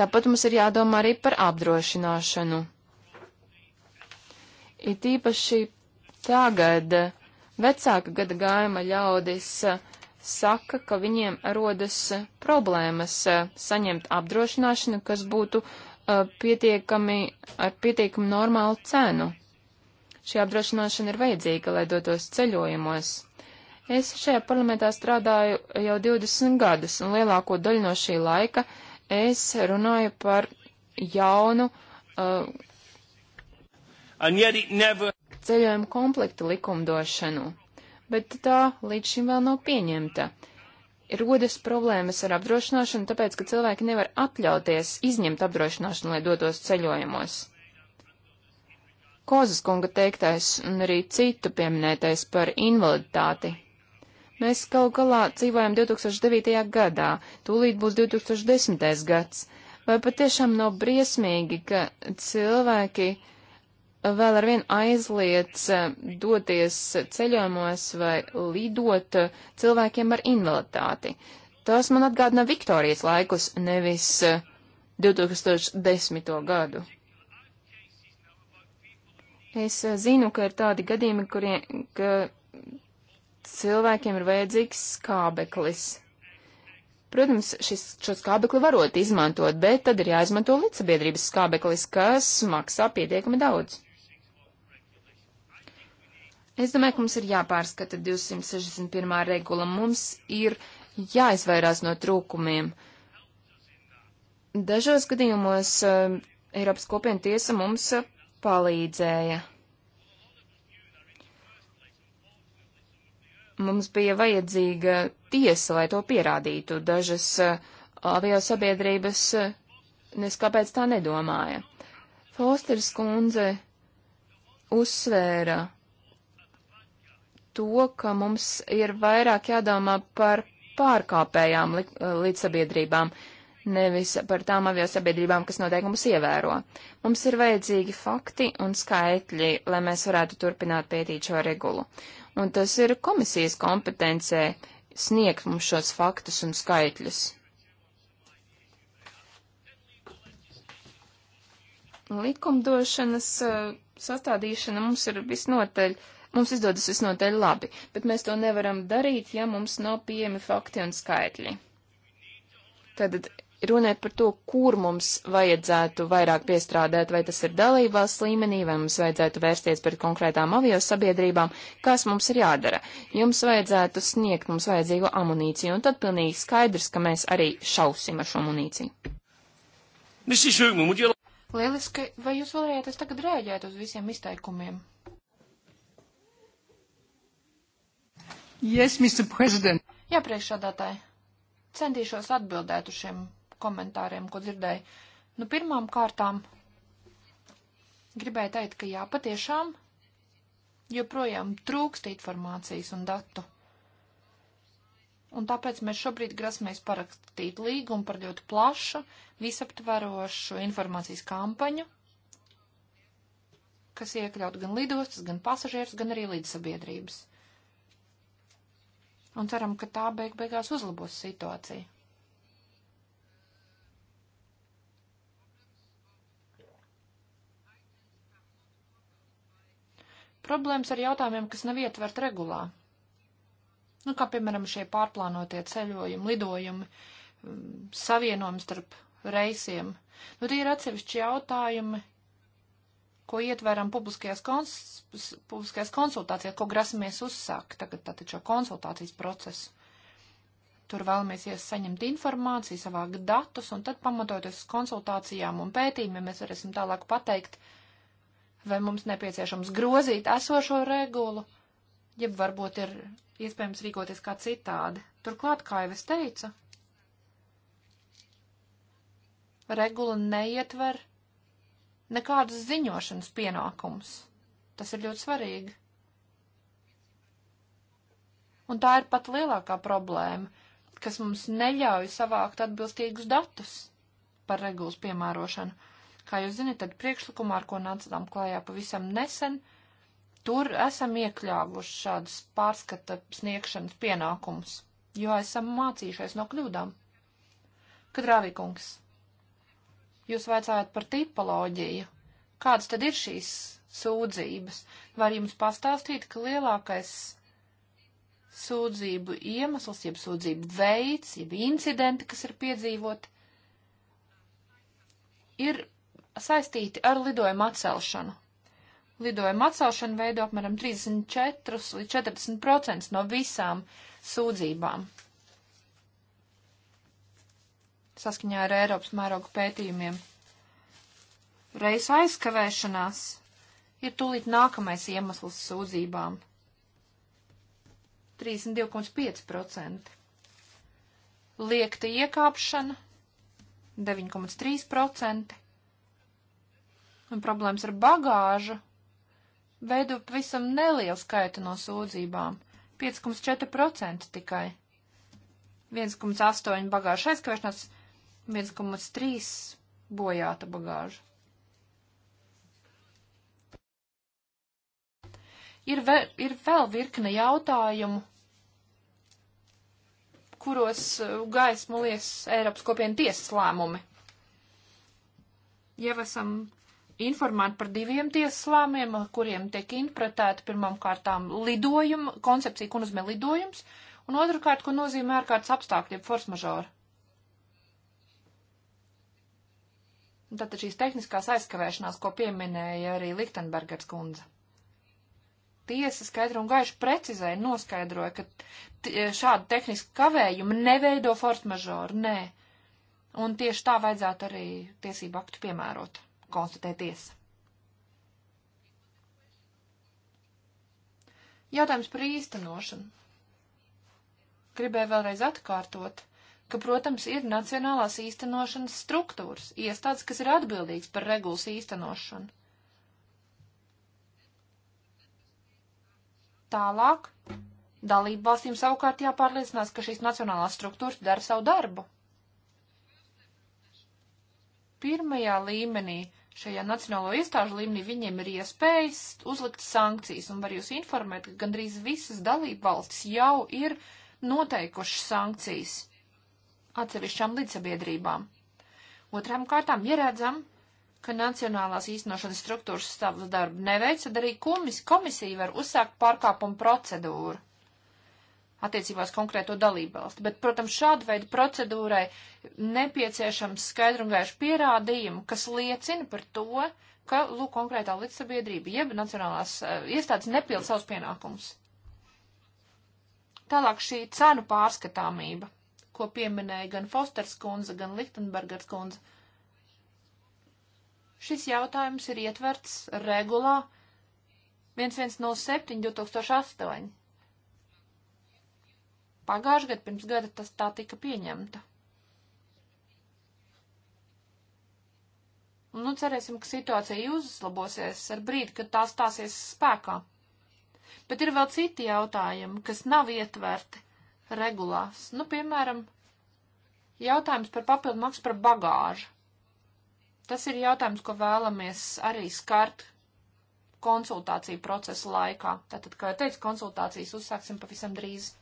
Tāpat mums ir jādomā arī par apdrošināšanu. It īpaši tagad vecāka gada gājuma ļaudis saka, ka viņiem rodas problēmas saņemt apdrošināšanu, kas būtu uh, pietiekami ar pietiekami normālu cenu. Šī apdrošināšana ir vajadzīga, lai dotos ceļojumos. Es šajā parlamentā strādāju jau 20 gadus, un lielāko daļu no šī laika es runāju par jaunu uh, never... ceļojumu komplektu likumdošanu, bet tā līdz šim vēl nav pieņemta. Rodas problēmas ar apdrošināšanu, tāpēc, ka cilvēki nevar atļauties izņemt apdrošināšanu, lai dotos ceļojumos. Kozas kunga teiktais un arī citu pieminētais par invaliditāti Mēs kaut galā dzīvojam 2009. gadā, tūlīt būs 2010. gads. Vai patiešām nav briesmīgi, ka cilvēki vēl ar vienu aizliedz eh, doties ceļojumos vai lidot eh, cilvēkiem ar invaliditāti? Tas man atgādina Viktorijas laikus, nevis 2010. Eh, gadu. Es zinu, ka ir tādi gadījumi, kuriem, ka cilvēkiem ir vajadzīgs skābeklis. Protams, šis, šo skābekli varot izmantot, bet tad ir jāizmanto līdzsabiedrības skābeklis, kas maksā pietiekami daudz. Es domāju, ka mums ir jāpārskata 261. regula. Mums ir jāizvairās no trūkumiem. Dažos gadījumos uh, Eiropas kopiena tiesa mums eh, palīdzēja. mums bija vajadzīga tiesa, lai to pierādītu. Dažas eh, avio sabiedrības eh, neskāpēc tā nedomāja. Fosters kundze uzsvēra to, ka mums ir vairāk jādomā par pārkāpējām li eh, līdzsabiedrībām, nevis par tām aviosabiedrībām, kas noteikumus ievēro. Mums ir vajadzīgi fakti un skaitļi, lai mēs varētu turpināt pētīt šo regulu un tas ir komisijas kompetencē sniegt mums šos faktus un skaitļus. Likumdošanas uh, sastādīšana mums ir visnotaļ, mums izdodas visnotaļ labi, bet mēs to nevaram darīt, ja mums nav pieejami fakti un skaitļi. Tad runāt par to, kur mums vajadzētu vairāk piestrādāt, vai tas ir dalībās līmenī, vai mums vajadzētu vērsties pret konkrētām avio sabiedrībām, kas mums ir jādara. Jums vajadzētu sniegt mums vajadzīgo amunīciju, un tad pilnīgi skaidrs, ka mēs arī šausim ar šo munīciju. Lieliski, vai jūs varējāt tagad rēģēt uz visiem izteikumiem? Yes, Mr. President. Jā, priekšādātāji. Centīšos atbildēt uz šiem komentāriem, ko dzirdēju. Nu, pirmām kārtām gribēju teikt, ka jā, patiešām joprojām trūkst informācijas un datu. Un tāpēc mēs šobrīd grasamies parakstīt līgumu par ļoti plašu, visaptverošu informācijas kampaņu, kas iekļaut gan lidostas, gan pasažierus, gan arī līdzsabiedrības. Un ceram, ka tā beig beigās uzlabos situāciju. problēmas ar jautājumiem, kas nav ietvert regulā. Nu, kā piemēram šie pārplānotie ceļojumi, lidojumi, mm, savienojumi starp reisiem. Nu, tie ir atsevišķi jautājumi, ko ietveram publiskajās, kons publiskajās konsultācijās, ko grasamies uzsākt tagad tātad šo konsultācijas procesu. Tur vēlamies iesaņemt informāciju, savākt datus, un tad pamatoties uz konsultācijām un pētījumiem mēs varēsim tālāk pateikt, uh, vai mums nepieciešams grozīt esošo regulu, jeb varbūt ir iespējams rīkoties kā citādi. Turklāt, kā jau es teicu, regula neietver nekādas ziņošanas pienākums. Tas ir ļoti svarīgi. Un tā ir pat lielākā problēma, kas mums neļauj savākt atbilstīgus datus par regulas piemērošanu. Kā jūs zināt, tad priekšlikumā, ar ko nācām klājā pavisam nesen, tur esam iekļāvuši šādus pārskata sniegšanas pienākumus, jo esam mācījušies no kļūdām. Kad rāvīkungs, jūs vaicājat par tipoloģiju, kādas tad ir šīs sūdzības? Var jums pastāstīt, ka lielākais sūdzību iemesls, jeb sūdzību veids, jeb incidenti, kas ir piedzīvoti, ir saistīti ar lidojumu atcelšanu. Lidojuma atcelšana veido apmēram 34 līdz 40% no visām sūdzībām. Saskaņā ar Eiropas mērogu pētījumiem. Reisa aizkavēšanās ir tūlīt nākamais iemesls sūdzībām. 32,5%. Liekta iekāpšana 9,3% un problēmas ar bagāžu veido pavisam nelielu skaitu no sūdzībām - 5,4% tikai. 1,8 bagāžu aizkavēšanās, 1,3 bojāta bagāža. Ir, ve ir vēl virkne jautājumu, kuros uh, gaismu lies Eiropas kopienas tiesas lēmumi. Jau esam informēti par diviem tieslāmiem, kuriem tiek interpretēta pirmām kārtām lidojuma, koncepcija, ko nozīmē lidojums, un otrkārt, ko nozīmē ārkārtas apstākļi, force majeure. Tātad šīs tehniskās aizkavēšanās, ko pieminēja arī Lichtenbergers kundze. Tiesa skaidri un gaiši precizēja, noskaidroja, ka šāda tehniska kavējuma neveido force majeure, nē. Un tieši tā vajadzētu arī tiesību aktu piemērot konstatē tiesa. Jautājums par īstenošanu. Gribēju vēlreiz atkārtot, ka, protams, ir nacionālās īstenošanas struktūras, iestādes, kas ir atbildīgs par regulas īstenošanu. Tālāk dalību valstīm savukārt jāpārliecinās, ka šīs nacionālās struktūras dara savu darbu. Pirmajā līmenī šajā nacionālo iestāžu līmenī viņiem ir iespējas uzlikt sankcijas, un var jūs informēt, ka gandrīz visas dalībvalstis jau ir noteikušas sankcijas atsevišķām līdzsabiedrībām. Otrām kārtām, ja redzam, ka nacionālās īstenošanas struktūras savu darbu neveic, tad arī komis, komisija var uzsākt pārkāpumu procedūru attiecībās konkrēto dalībvalsti. Bet, protams, šāda veida procedūrai nepieciešams skaidru un gaišu pierādījumu, kas liecina par to, ka, lūk, konkrētā līdzsabiedrība, jeb nacionālās uh, iestādes nepild savus pienākumus. Tālāk šī cenu pārskatāmība, ko pieminēja gan Fosters kundze, gan Lichtenbergers kundze. Šis jautājums ir ietverts regulā 1107 2008 Pagājušajā gadā pirms gada tas tā tika pieņemta. Un, nu, cerēsim, ka situācija uzlabosies ar brīdi, kad tā stāsies spēkā. Bet ir vēl citi jautājumi, kas nav ietverti regulās. Nu, piemēram, jautājums par papildu maksu par bagāžu. Tas ir jautājums, ko vēlamies arī skart konsultāciju procesa laikā. Tātad, kā jau teicu, konsultācijas uzsāksim pavisam drīz.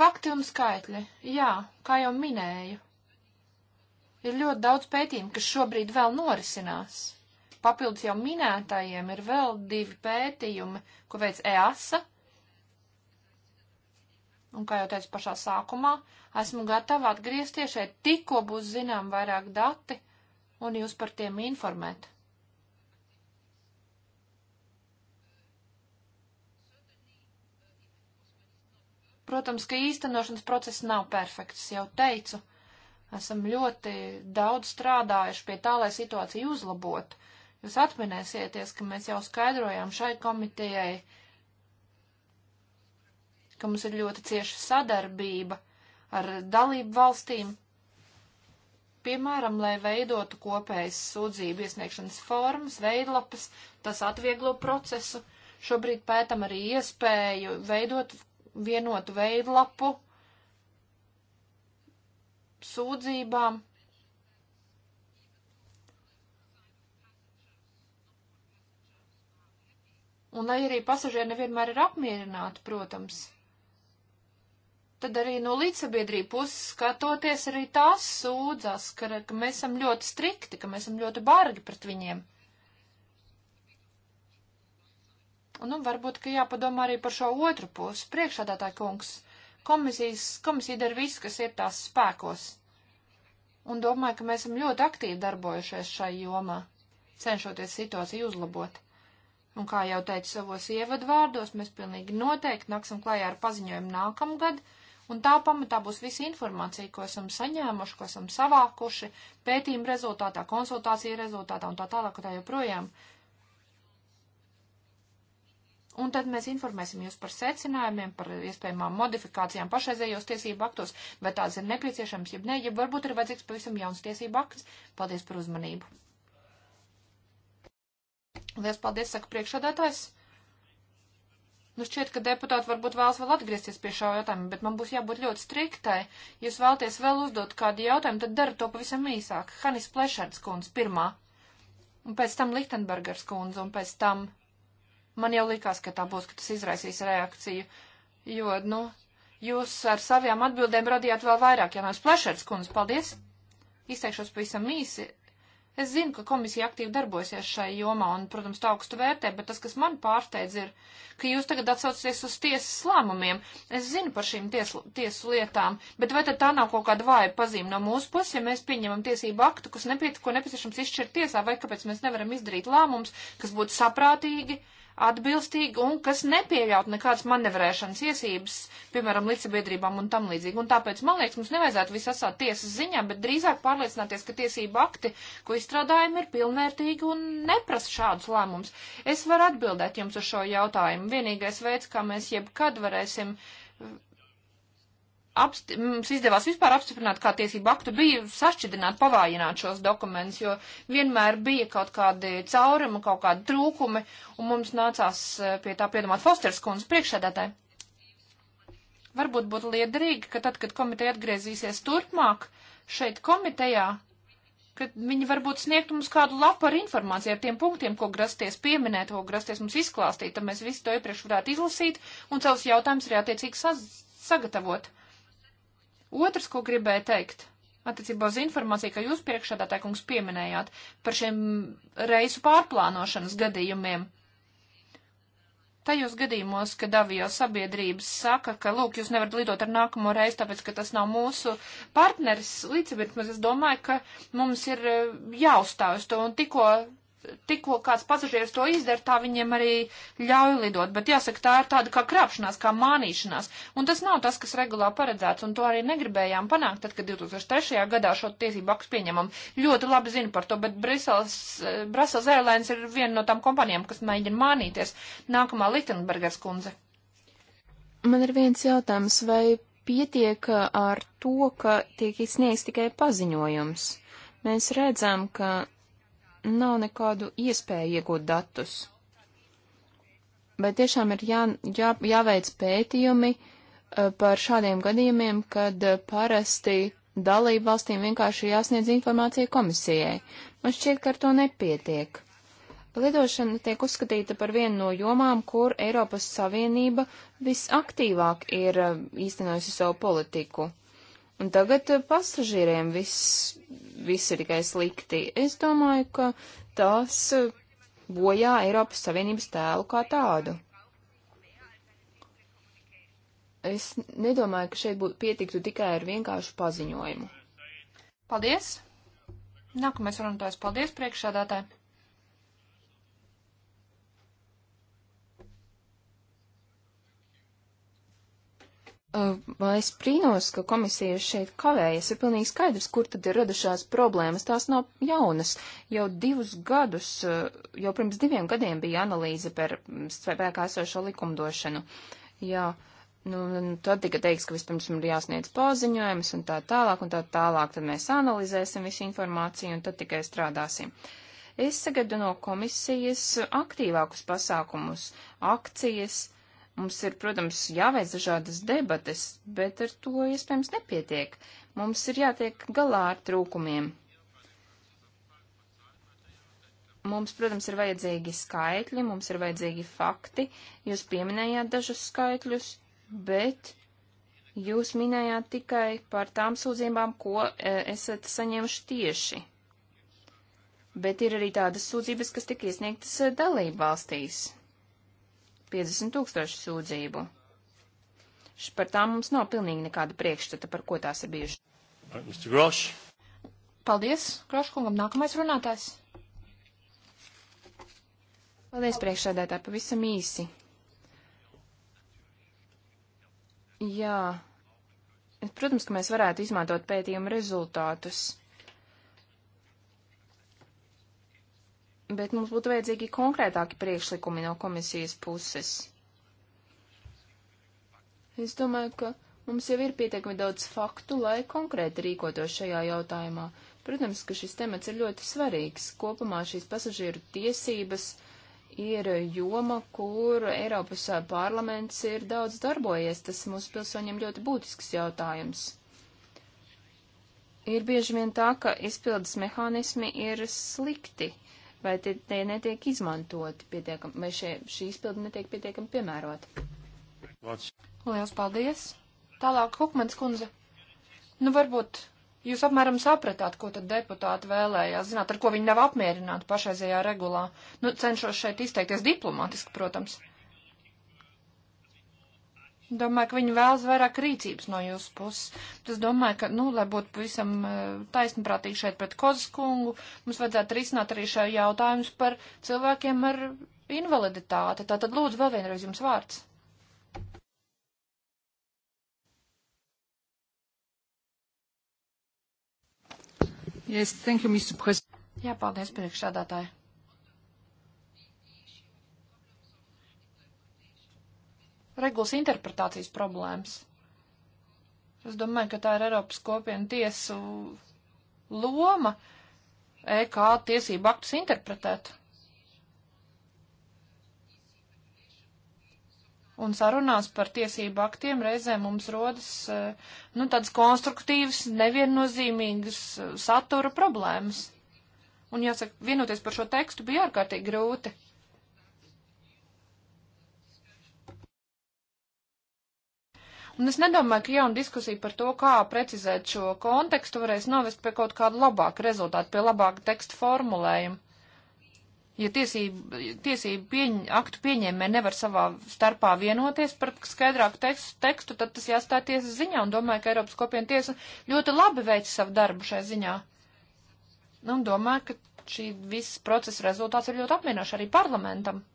Fakti un skaitļi. Jā, kā jau minēju. Ir ļoti daudz pētījumu, kas šobrīd vēl norisinās. Papildus jau minētajiem ir vēl divi pētījumi, ko veic EASA. Un, kā jau teicu pašā sākumā, esmu gatava atgriezties šeit, tikko būs zinām vairāk dati un jūs par tiem informēt. Protams, ka īstenošanas process nav perfekts, jau teicu. Esam ļoti daudz strādājuši pie tā, lai situāciju uzlabotu. Jūs atminēsieties, ka mēs jau skaidrojām šai komitejai, ka mums ir ļoti cieša sadarbība ar dalību valstīm, Piemēram, lai veidotu kopējas sūdzību iesniegšanas formas, veidlapas, tas atvieglo procesu. Šobrīd pētam arī iespēju veidot vienotu veidlapu sūdzībām. Un lai arī pasažieri nevienmēr ir apmierināti, protams, tad arī no līdzsabiedrību puses skatoties, arī tās sūdzas, ka, ka mēs esam ļoti strikti, ka mēs esam ļoti bargi pret viņiem. Un, nu, varbūt, ka jāpadomā arī par šo otru pusi. Priekšādātāja kungs, komisijas, komisija dara visu, kas ir tās spēkos. Un domāju, ka mēs esam ļoti aktīvi darbojušies šai jomā, cenšoties situāciju uzlabot. Un, kā jau teicu savos ievadvārdos, mēs pilnīgi noteikti nāksim klajā ar paziņojumu nākamgad, un tā pamatā būs visa informācija, ko esam saņēmuši, ko esam savākuši, pētījuma rezultātā, konsultācija rezultātā un tā tālāk, un tā joprojām. Un tad mēs informēsim jūs par secinājumiem, par iespējamām modifikācijām pašreizējos tiesību aktos, vai tās ir nepieciešams, ja ne, ja varbūt ir vajadzīgs pavisam jauns tiesību akts. Paldies par uzmanību. Lielas paldies, saka priekšādātājs. Nu, šķiet, ka deputāti varbūt vēlas vēl atgriezties pie šā jautājuma, bet man būs jābūt ļoti striktai. Ja jūs vēlaties vēl uzdot kādu jautājumu, tad dara to pavisam īsāk. Hanis Plešards kundze pirmā, un pēc tam Lichtenbergers kundze, un pēc tam Man jau likās, ka tā būs, ka tas izraisīs reakciju, jo, nu, jūs ar saviem atbildēm radījāt vēl vairāk, ja mēs plešers kundze, paldies! Izteikšos pavisam īsi. Es zinu, ka komisija aktīvi darbosies šai jomā un, protams, to augstu vērtē, bet tas, kas man pārsteidz, ir, ka jūs tagad atsaucaties uz tiesas lēmumiem. Es zinu par šīm ties, tiesu lietām, bet vai tad tā nav kaut kāda vāja pazīme no mūsu puses, ja mēs pieņemam tiesību aktu, kas nepiet, ko nepieciešams izšķirt tiesā, vai kāpēc mēs nevaram izdarīt lēmums, kas būtu saprātīgi? Uh, atbilstīgi un kas nepieļaut nekādas manevrēšanas iesības, piemēram, līdzsabiedrībām un tam līdzīgi. Un tāpēc, man liekas, mums nevajadzētu viss atstāt tiesas ziņā, bet drīzāk pārliecināties, ka tiesība akti, ko izstrādājam, ir pilnvērtīgi un neprasa šādus lēmumus. Es varu atbildēt jums uz šo jautājumu. Vienīgais veids, kā mēs jebkad varēsim apsti, mums izdevās vispār apstiprināt, kā tiesību aktu bija sašķidrināt, pavājināt šos dokumentus, jo vienmēr bija kaut kādi caurumi, kaut kādi trūkumi, un mums nācās e, pie tā piedomāt Fosters kundze priekšsēdētāji. Varbūt būtu liederīgi, ka tad, kad komiteja atgriezīsies turpmāk šeit komitejā, kad viņi varbūt sniegtu mums kādu lapu ar informāciju, ar tiem punktiem, ko grasties pieminēt, ko grasties mums izklāstīt, tad mēs visu to iepriekš varētu izlasīt un savus jautājumus arī attiecīgi sagatavot. Otrs, ko gribēju teikt, attiecībā uz informāciju, ka jūs priekšādātāji kungs pieminējāt par šiem reisu pārplānošanas gadījumiem. Tajos gadījumos, kad avio sabiedrības saka, ka, lūk, jūs nevarat lidot ar nākamo reizi, tāpēc, ka tas nav mūsu partneris līdzsabiedrs, es domāju, ka mums ir eh, jāuzstāv uz to, un tikko tikko kāds pasažieris to izdara, tā viņiem arī ļauj lidot. Bet jāsaka, tā ir tāda kā krāpšanās, kā mānīšanās. Un tas nav tas, kas regulā paredzēts, un to arī negribējām panākt, tad, kad 2003. gadā šo tiesību aktu pieņemam. Ļoti labi zinu par to, bet Brisels, eh, Brussels Airlines ir viena no tām kompānijām, kas mēģina mānīties. Nākamā Litenbergers kundze. Man ir viens jautājums, vai pietiek eh, ar to, ka tiek izsniegts tikai paziņojums? Mēs redzam, ka nav nekādu iespēju iegūt datus. Bet tiešām ir jā, jā, jāveic pētījumi eh, par šādiem gadījumiem, kad eh, parasti dalību valstīm vienkārši jāsniedz informācija komisijai. Man šķiet, ka ar to nepietiek. Lidošana tiek uzskatīta par vienu no jomām, kur Eiropas Savienība visaktīvāk ir eh, īstenojusi savu politiku. Un tagad eh, pasažieriem viss, viss ir tikai slikti. Es domāju, ka tās eh, bojā Eiropas Savienības tēlu kā tādu. Es nedomāju, ka šeit būtu pietiktu tikai ar vienkāršu paziņojumu. Paldies! Nākamais runātājs, paldies priekšsādātāji! Es brīnos, ka komisija šeit kavējas. Ir pilnīgi skaidrs, kur tad ir radušās problēmas. Tās nav jaunas. Jau divus gadus, jau pirms diviem gadiem bija analīze par spēkā esošo likumdošanu. Jā, nu, nu, nu tad tika teiks, ka vispirms ir jāsniedz paziņojums un tā tālāk un tā tālāk. Tad mēs analizēsim visu informāciju un tad tikai strādāsim. Es sagaidu no komisijas aktīvākus pasākumus, akcijas Mums ir, protams, jāveic dažādas debates, bet ar to iespējams nepietiek. Mums ir jātiek galā ar trūkumiem. Mums, protams, ir vajadzīgi skaitļi, mums ir vajadzīgi fakti. Jūs pieminējāt dažus skaitļus, bet jūs minējāt tikai par tām sūdzībām, ko e, esat saņēmuši tieši. Bet ir arī tādas sūdzības, kas tika iesniegtas e, dalību valstīs. 50 tūkstoši sūdzību. Par tām mums nav pilnīgi nekāda priekšstata, par ko tās ir bijušas. Mr. Grosh. Paldies, Groškungam. Nākamais runātājs. Paldies, priekšsēdētāji, pavisam īsi. Jā, protams, ka mēs varētu izmantot pētījuma rezultātus. bet mums būtu vajadzīgi konkrētāki priekšlikumi no komisijas puses. Es domāju, ka mums jau ir pietiekami daudz faktu, lai konkrēti rīkotos šajā jautājumā. Protams, ka šis temats ir ļoti svarīgs. Kopumā šīs pasažieru tiesības ir joma, kur Eiropas parlaments ir daudz darbojies. Tas mūsu pilsoņiem ļoti būtisks jautājums. Ir bieži vien tā, ka izpildes mehānismi ir slikti. Uh, vai tie, tie netiek izmantoti pietiekami, vai šie, šī izpildi netiek pietiekami piemērota. Lielas paldies! Tālāk, Hukmans kundze. Nu, varbūt jūs apmēram sapratāt, ko tad deputāti vēlējās, zināt, ar ko viņi nav apmierināti pašreizējā regulā. Nu, cenšos šeit izteikties diplomātiski, protams. Domāju, ka viņi vēlas vairāk rīcības no jūsu puses. Es domāju, ka, nu, lai būtu pavisam eh, taisnprātīgi šeit pret Kozaskungu, mums vajadzētu risināt arī šā jautājums par cilvēkiem ar invaliditāti. Tātad lūdzu vēl vienreiz jums vārds. Yes, thank you, Mr. President. Jā, paldies priekšsādātāji. regulas interpretācijas problēmas. Es domāju, ka tā ir Eiropas kopienu tiesu loma, EK tiesību aktus interpretēt. un sarunās par tiesību aktiem reizē mums rodas eh, nu, tādas konstruktīvas, neviennozīmīgas eh, satura problēmas. Un jāsaka, vienoties par šo tekstu bija ārkārtīgi grūti. Un es nedomāju, ka jauna diskusija par to, kā precizēt šo kontekstu, varēs novest pie kaut kāda labāka rezultāta, pie labāka teksta formulējuma. Ja tiesību, tiesību pieņ, aktu pieņēmē nevar savā starpā vienoties par skaidrāku tekstu, tekstu, tad tas jāstāja tiesas ziņā, un domāju, ka Eiropas kopiena tiesa ļoti labi veic savu darbu šajā ziņā. Nu, un domāju, ka šī viss procesa rezultāts ir ļoti apmienošs arī parlamentam.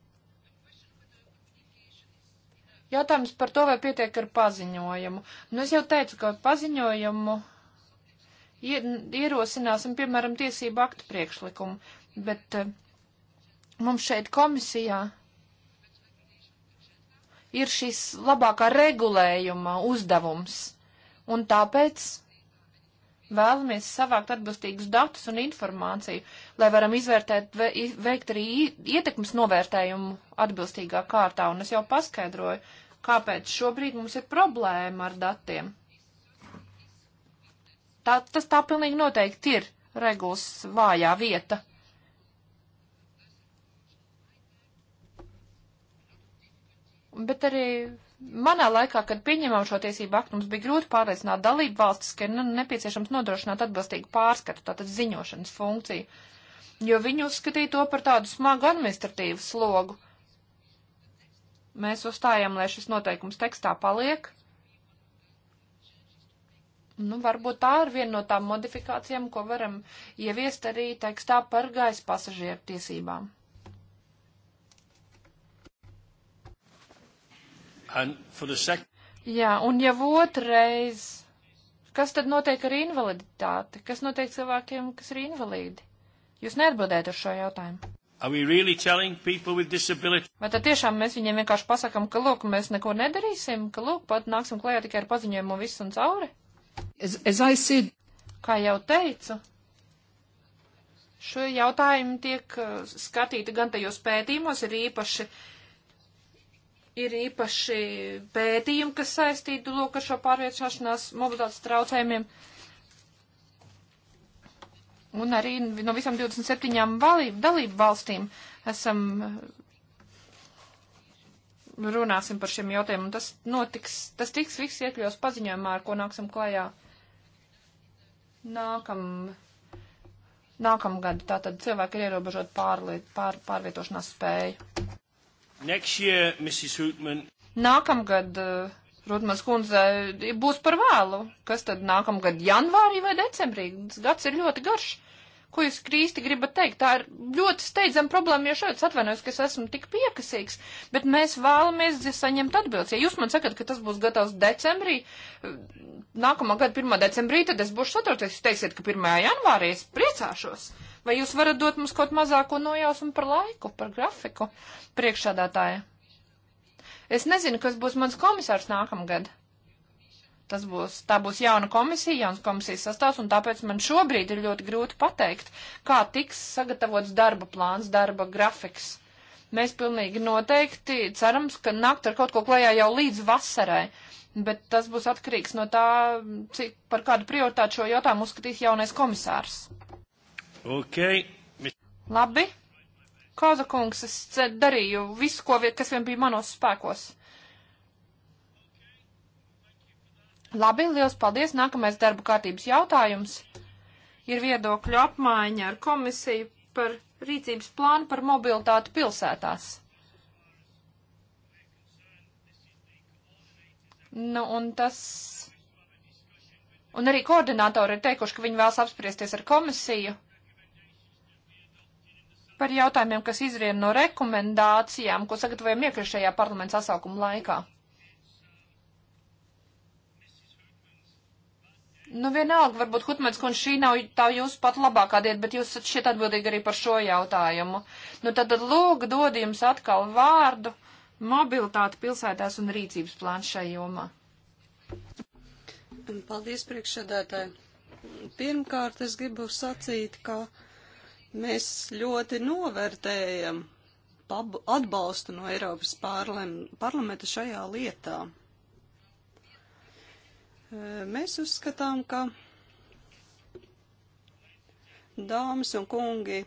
Jautājums par to, vai pietiek ar paziņojumu. Nu, es jau teicu, ka paziņojumu ierosināsim, piemēram, tiesību aktu priekšlikumu, bet eh, mums šeit komisijā ir šis labākā regulējuma uzdevums, un tāpēc Vēlamies savākt atbilstīgus datus un informāciju, lai varam izvērtēt, veikt arī ietekmes novērtējumu atbilstīgā kārtā, un es jau paskaidroju, kāpēc šobrīd mums ir problēma ar datiem. Tā, tas tā pilnīgi noteikti ir regulas vājā vieta. Bet arī Manā laikā, kad pieņemam šo tiesību aktu, mums bija grūti pārliecināt dalību valstis, ka ir nu, nepieciešams nodrošināt atbilstīgu pārskatu, tātad ziņošanas funkciju, jo viņi uzskatīja to par tādu smagu administratīvu slogu. Mēs uzstājam, lai šis noteikums tekstā paliek. Nu, varbūt tā ir viena no tām modifikācijām, ko varam ieviest arī tekstā par gaisa pasažieru tiesībām. Jā, un jau otrreiz, kas tad notiek ar invaliditāti? Kas notiek cilvēkiem, kas ir invalīdi? Jūs neatbildējat uz šo jautājumu. Really Vai tad tiešām mēs viņiem vienkārši pasakam, ka lūk, mēs neko nedarīsim, ka lūk, pat nāksim klajā tikai ar paziņojumu visu un cauri? As, as I said... Kā jau teicu, šo jautājumu tiek uh, skatīti gan tajos pētījumos, ir īpaši uh, ir īpaši pētījumi, kas saistītu lūk ar šo pārvietošanās mobilitātes traucējumiem. Un arī no visām 27 valību, dalību valstīm esam nu, runāsim par šiem jautājumiem. Tas notiks, tas tiks viss iekļaus paziņojumā, ar ko nāksim klajā nākam, nākamgad. Tātad cilvēki ir ierobežot pārliet, pār, pārvietošanās spēju. Next year, Mrs. Hootman. Nākamgad, eh, Rudmas kundze, eh, būs par vēlu. Kas tad nākamgad, janvārī vai decembrī? Tas gads ir ļoti garš. Ko jūs krīsti gribat teikt? Tā ir ļoti steidzama problēma, jo šeit atvainojos, ka es esmu tik piekasīgs, bet mēs vēlamies saņemt atbildes. Ja jūs man sakat, ka tas būs gatavs decembrī, eh, nākamā gada 1. decembrī, tad es būšu satraucies, jūs teiksiet, ka 1. janvārī es priecāšos. Vai jūs varat dot mums kaut mazāko nojausmu par laiku, par grafiku priekšādātāja? Es nezinu, kas būs mans komisārs nākamgad. Tas būs, tā būs jauna komisija, jauns komisijas sastāvs, un tāpēc man šobrīd ir ļoti grūti pateikt, kā tiks sagatavots darba plāns, darba grafiks. Mēs pilnīgi noteikti cerams, ka nakt ar kaut ko klajā jau līdz vasarai, bet tas būs atkarīgs no tā, cik par kādu prioritāti šo jautājumu uzskatīs jaunais komisārs. Okay. Labi. Kāza kungs, es darīju visu, ko, kas vien bija manos spēkos. Labi, liels paldies. Nākamais darba kārtības jautājums ir viedokļu apmaiņa ar komisiju par rīcības plānu par mobilitāti pilsētās. Nu, un tas. Un arī koordinātori ir teikuši, ka viņi vēlas apspriesties ar komisiju par jautājumiem, kas izrien no rekomendācijām, ko sagatavojam iepriekšējā parlamenta sasaukuma laikā. Nu, vienalga, varbūt Hutmans kundze šī nav tā jūsu pat labākā dieta, bet jūs esat šeit atbildīgi arī par šo jautājumu. Nu, tad, tad lūgu dod jums atkal vārdu mobilitāte pilsētās un rīcības plāns šai jomā. Paldies, priekšsēdētāji. Pirmkārt, es gribu sacīt, ka Mēs ļoti novērtējam atbalstu no Eiropas parlamenta šajā lietā. Mēs uzskatām, ka dāmas un kungi,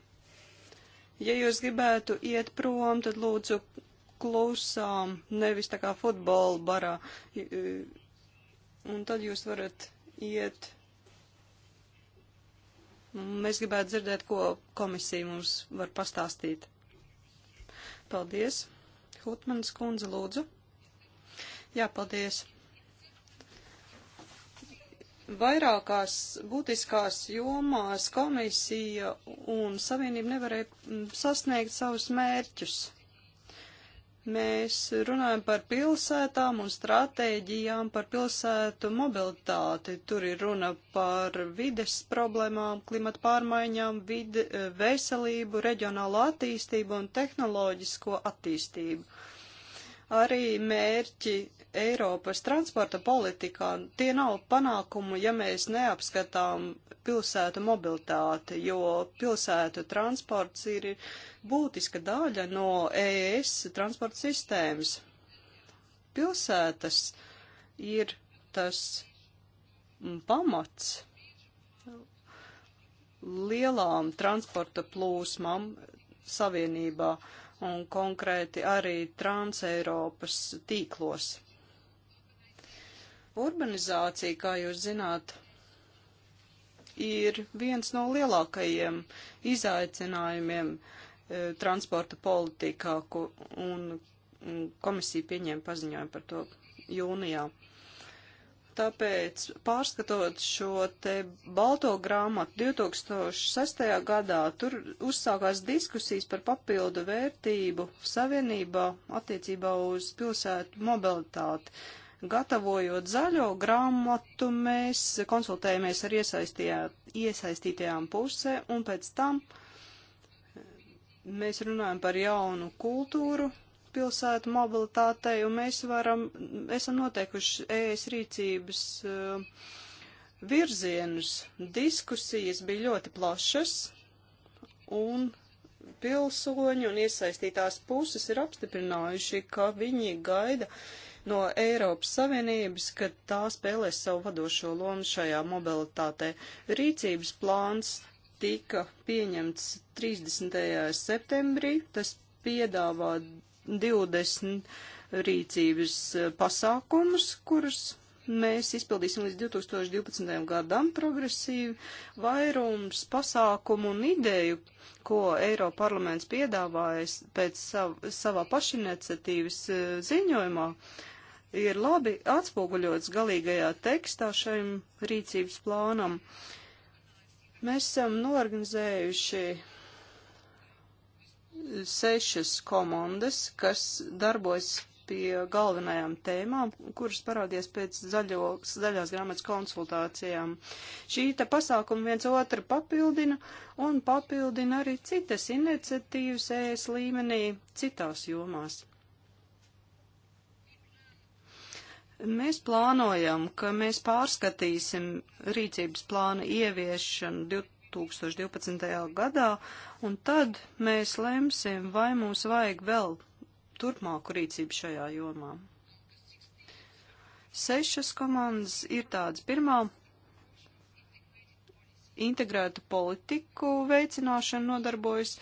ja jūs gribētu iet prom, tad lūdzu klusām, nevis tā kā futbola barā. Un tad jūs varat iet Mēs gribētu dzirdēt, ko komisija mums var pastāstīt. Paldies. Hutmanis kundze, lūdzu. Jā, paldies. Vairākās būtiskās jomās komisija un savienība nevarēja sasniegt savus mērķus. Mēs runājam par pilsētām un stratēģijām par pilsētu mobilitāti. Tur ir runa par vides problēmām, klimata pārmaiņām, vide, veselību, reģionālo attīstību un tehnoloģisko attīstību. Arī mērķi Eiropas transporta politikā, tie nav panākumi, ja mēs neapskatām pilsētu mobilitāti, jo pilsētu transports ir būtiska daļa no ES transporta sistēmas. Pilsētas ir tas mm, pamats lielām transporta plūsmām savienībā un konkrēti arī Transeiropas tīklos. Urbanizācija, kā jūs zināt, ir viens no lielākajiem izaicinājumiem e, transporta politikā, ko, un, un komisija pieņēma paziņojumu par to jūnijā. Tāpēc, pārskatot šo te balto grāmatu 2006. gadā, tur uzsākās diskusijas par papildu vērtību savienībā attiecībā uz pilsētu mobilitāti. Uh, Gatavojot zaļo grāmatu, mēs konsultējamies ar iesaistītajām pusē un pēc tam eh, mēs runājam par jaunu kultūru pilsētu mobilitātei un mēs varam, esam noteikuši ES rīcības uh, virzienus. Diskusijas bija ļoti plašas un pilsoņi un iesaistītās puses ir apstiprinājuši, ka viņi gaida no Eiropas Savienības, ka tā spēlēs savu vadošo lomu šajā mobilitātē. Rīcības plāns tika pieņemts 30. septembrī, tas piedāvā 20 rīcības eh, pasākumus, kurus Mēs izpildīsim līdz 2012. gadam progresīvu vairums pasākumu un ideju, ko Eiropa parlaments piedāvājas pēc sav, savā pašiniciatīvas eh, ziņojumā, ir labi atspoguļots galīgajā tekstā šajam rīcības plānam. Mēs esam norganizējuši sešas komandas, kas darbojas pie galvenajām tēmām, kuras parādījās pēc zaļos, zaļās grāmatas konsultācijām. Šī te pasākuma viens otru papildina un papildina arī citas iniciatīvas ES līmenī citās jomās. Mēs plānojam, ka mēs pārskatīsim rīcības plānu ieviešanu 2012. gadā, un tad mēs lemsim, vai mums vajag vēl turpmāku rīcību šajā jomā. Sešas komandas ir tādas. Pirmā integrētu politiku veicināšanu nodarbojas,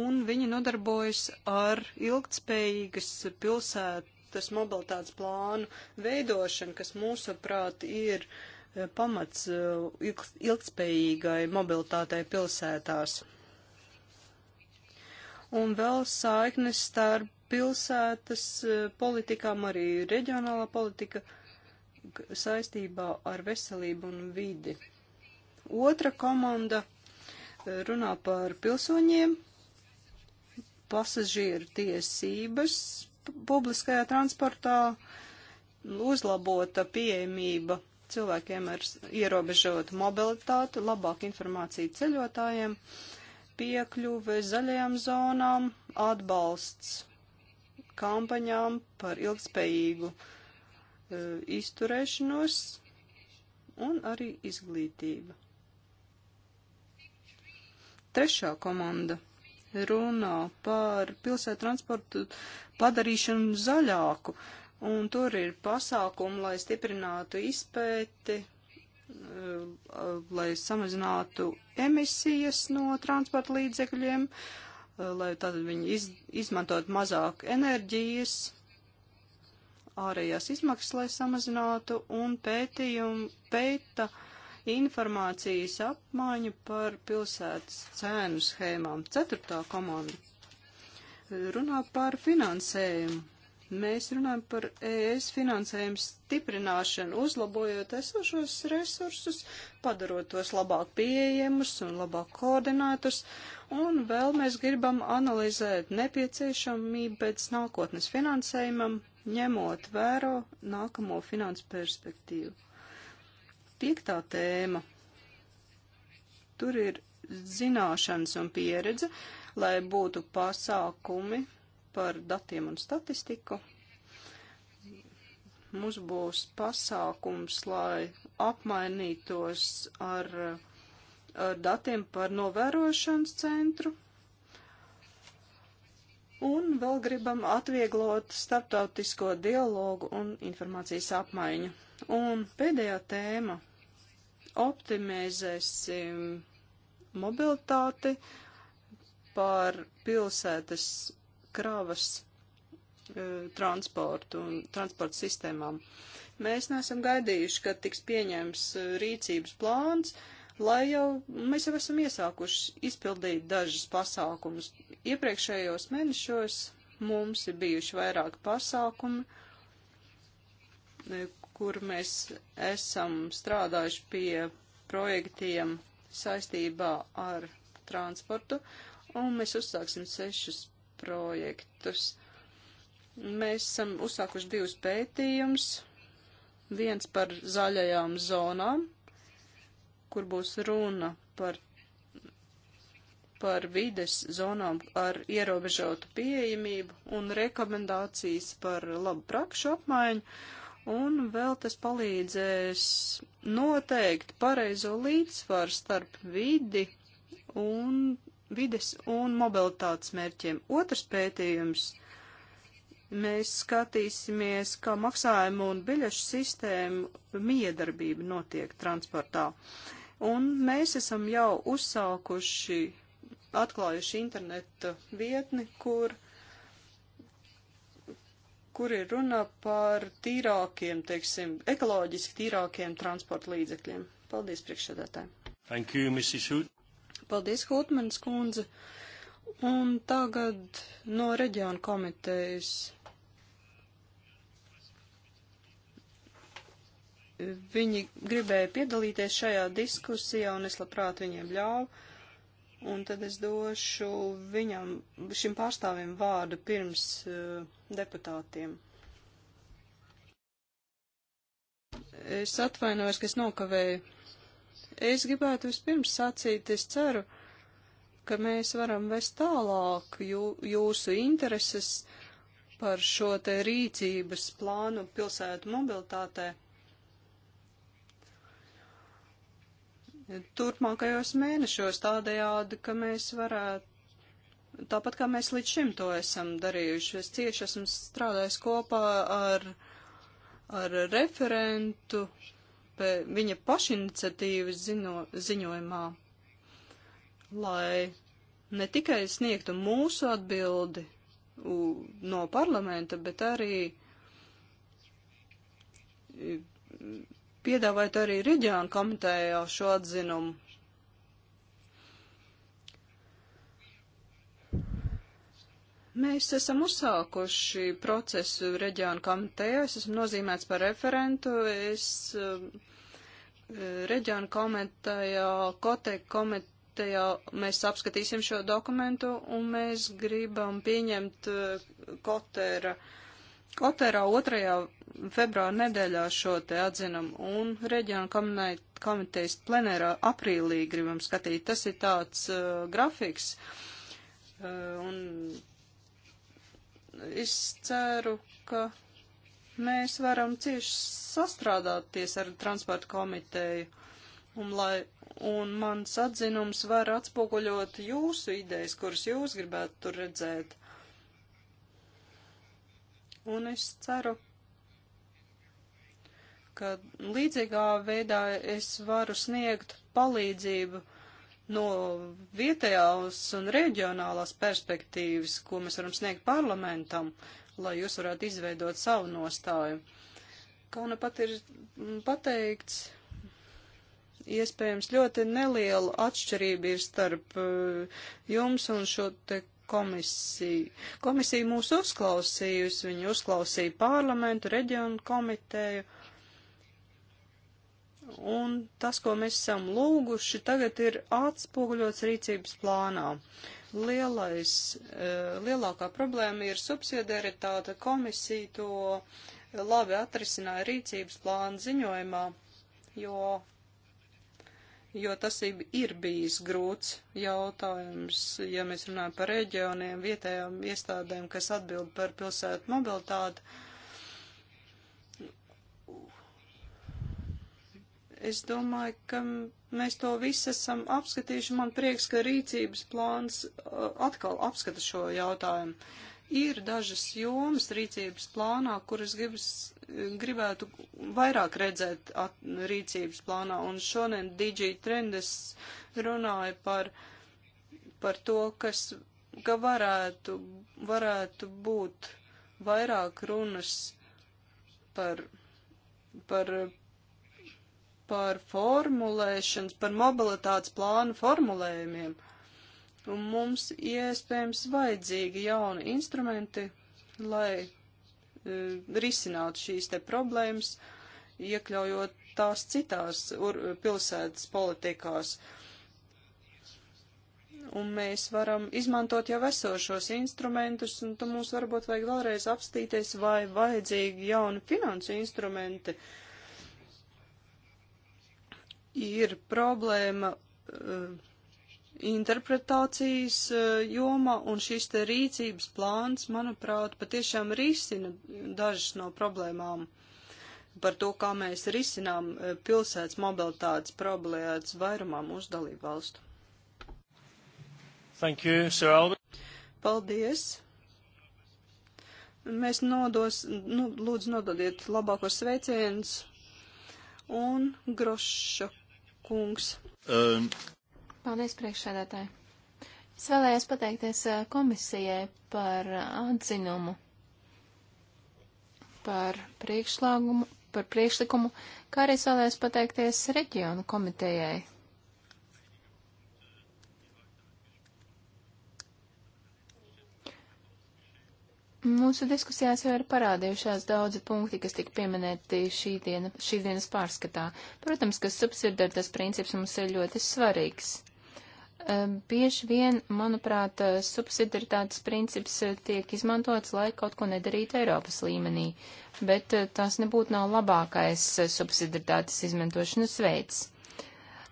un viņi nodarbojas ar ilgtspējīgas pilsētas mobilitātes plānu veidošanu, kas mūsuprāt ir eh, pamats eh, ilgtspējīgai mobilitātei pilsētās un vēl saiknes starp pilsētas e, politikām, arī reģionālā politika saistībā ar veselību un vidi. Otra komanda e, runā par pilsoņiem, pasažieru tiesības publiskajā transportā, uzlabota pieejamība cilvēkiem ar ierobežotu mobilitāti, labāka informācija ceļotājiem. Uh, piekļuve zaļajām zonām, atbalsts kampaņām par ilgspējīgu e, izturēšanos un arī izglītība. Trešā komanda runā par pilsētu transportu padarīšanu zaļāku, un tur ir pasākumi, lai stiprinātu izpēti Uh, lai samazinātu emisijas no transporta līdzekļiem, uh, lai tātad viņi iz, izmantot mazāk enerģijas, ārējās izmaksas, lai samazinātu, un pētījumu pēta informācijas apmaiņu par pilsētas cēnu schēmām. Ceturtā komanda runā par finansējumu Mēs runājam par ES finansējumu stiprināšanu, uzlabojot esošos resursus, padarot tos labāk pieejamus un labāk koordinētus, un vēl mēs gribam analizēt nepieciešamību pēc nākotnes finansējumam, ņemot vēro nākamo finansu perspektīvu. Piektā tēma. Tur ir zināšanas un pieredze, lai būtu pasākumi, par datiem un statistiku. Mums būs pasākums, lai apmainītos ar, ar datiem par novērošanas centru. Un vēl gribam atvieglot starptautisko dialogu un informācijas apmaiņu. Un pēdējā tēma - optimizēsim mobilitāti par pilsētas kravas eh, transportu un transporta sistēmām. Mēs neesam gaidījuši, ka tiks pieņems eh, rīcības plāns, lai jau mēs jau esam iesākuši izpildīt dažas pasākumus. Iepriekšējos mēnešos mums ir bijuši vairāki pasākumi, eh, kur mēs esam strādājuši pie projektiem saistībā ar transportu, un mēs uzsāksim sešus projektus. Mēs esam uzsākuši divus pētījumus. Viens par zaļajām zonām, kur būs runa par, par vides zonām ar ierobežotu pieejamību un rekomendācijas par labu prakšu apmaiņu un vēl tas palīdzēs noteikt pareizo līdzsvaru starp vidi un vides un mobilitātes mērķiem. Otrs pētījums. Mēs skatīsimies, kā maksājumu un biļešu sistēmu miedarbība notiek transportā. Un mēs esam jau uzsākuši, atklājuši interneta vietni, kur, kur ir runa par tīrākiem, teiksim, ekoloģiski tīrākiem transporta līdzekļiem. Paldies priekšsēdētājiem. Thank you, Mrs. Hood. Paldies, Hotmanas kundze. Un tagad no reģiona komitejas. Viņi gribēja piedalīties šajā diskusijā, un es labprāt viņiem ļauju. Un tad es došu viņam, šim pārstāvim vārdu pirms uh, deputātiem. Es atvainojos, ka es nokavēju Es gribētu vispirms sacīt, es ceru, ka mēs varam vest tālāk jū, jūsu intereses par šo te rīcības plānu pilsētu mobilitātē. Turpmākajos mēnešos tādējādi, ka mēs varētu, tāpat kā mēs līdz šim to esam darījuši, es cieši esmu strādājis kopā ar, ar referentu viņa pašiniciatīvas ziņo, ziņojumā, lai ne tikai sniegtu mūsu atbildi no parlamenta, bet arī piedāvājot arī reģionu komitējā šo atzinumu. Mēs esam uzsākuši procesu reģionu komitejā, es esmu nozīmēts par referentu, es eh, reģionu komitejā, kotek komitejā, mēs apskatīsim šo dokumentu un mēs gribam pieņemt eh, kotera. Koterā 2. februāra nedēļā šo te atzinam un reģionu komitejas plenērā aprīlī gribam skatīt. Tas ir tāds uh, grafiks. Uh, un es ceru, ka mēs varam cieši sastrādāties ar transporta komiteju. Un, lai, un mans atzinums var atspoguļot jūsu idejas, kuras jūs gribētu tur redzēt. Un es ceru, ka līdzīgā veidā es varu sniegt palīdzību no vietējās un reģionālās perspektīvas, ko mēs varam sniegt parlamentam, lai jūs varētu izveidot savu nostāju. Kā nu pat ir pateikts, iespējams ļoti neliela atšķirība ir starp eh, jums un šo te komisiju. Komisija mūs uzklausījusi, viņi uzklausīja parlamentu, reģionu komiteju un tas, ko mēs esam lūguši, tagad ir atspoguļots rīcības plānā. Lielais, eh, lielākā problēma ir subsidiaritāte. Komisija to labi atrisināja rīcības plāna ziņojumā, jo, jo tas ir bijis grūts jautājums, ja mēs runājam par reģioniem, vietējām iestādēm, kas atbild par pilsētu mobilitāti Es domāju, ka mēs to visu esam apskatījuši. Man prieks, ka rīcības plāns uh, atkal apskata šo jautājumu. Ir dažas jomas rīcības plānā, kuras gribas, gribētu vairāk redzēt at, rīcības plānā. Un šodien DJ Trendes runāja par, par to, kas, ka varētu, varētu būt vairāk runas par, par par formulēšanas, par mobilitātes plānu formulējumiem. Un mums iespējams vajadzīgi jauni instrumenti, lai e, risinātu šīs te problēmas, iekļaujot tās citās ur, pilsētas politikās. Un mēs varam izmantot jau esošos instrumentus, un tad mums varbūt vajag vēlreiz apstīties, vai vajadzīgi jauni finansu instrumenti, uh, ir problēma uh, interpretācijas uh, eh, jomā, un šis te rīcības plāns, manuprāt, patiešām risina dažas no problēmām par to, kā mēs risinām uh, pilsētas mobilitātes problēmas vairumā mūsu dalību valstu. Thank you, Sir Albert. Paldies. Mēs nodos, nu, lūdzu nododiet labākos sveicienus un grošaku kungs. Um. Paldies, priekšsēdētāji. Es vēlējos pateikties uh, komisijai par uh, atzinumu, par priekšlāgumu, par priekšlikumu, kā arī es vēlējos pateikties reģionu komitejai Mūsu diskusijās jau ir parādījušās daudzi punkti, kas tika pieminēti šī, diena, šī dienas pārskatā. Protams, ka subsidiaritātes princips mums ir ļoti svarīgs. Ehm, bieži vien, manuprāt, subsidiaritātes princips eh, tiek izmantots, lai kaut ko nedarītu Eiropas līmenī, bet eh, tas nebūtu nav labākais eh, subsidiaritātes izmantošanas veids.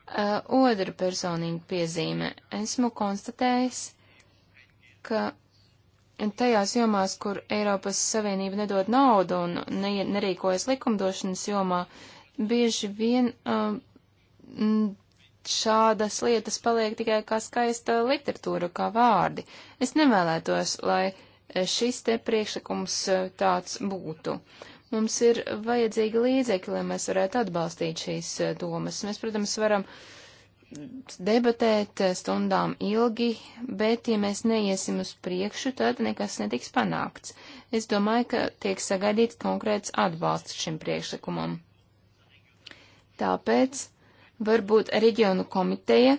Otra personīga piezīme. Esmu konstatējis, ka tajās jomās, kur Eiropas Savienība nedod naudu un ne, nerīkojas likumdošanas jomā, bieži vien uh, šādas lietas paliek tikai kā skaista literatūra, kā vārdi. Es nevēlētos, lai e, šis te priekšlikums e, tāds būtu. Mums ir vajadzīgi līdzekļi, lai mēs varētu atbalstīt šīs e, domas. Mēs, protams, varam uh, debatēt stundām ilgi, bet ja mēs neiesim uz priekšu, tad nekas netiks panākts. Es domāju, ka tiek sagaidīts konkrēts atbalsts šim priekšlikumam. Tāpēc varbūt reģionu komiteja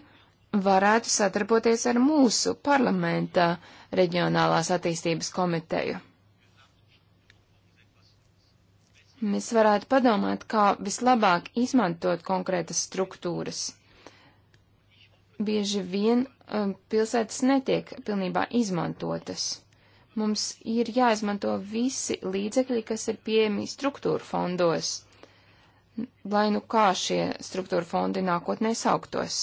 varētu sadarboties ar mūsu parlamenta reģionālās attīstības komiteju. Mēs varētu padomāt, kā vislabāk izmantot konkrētas struktūras bieži vien um, pilsētas netiek pilnībā izmantotas. Mums ir jāizmanto visi līdzekļi, kas ir pieejami struktūra fondos, lai nu kā šie struktūra fondi nākotnē sauktos.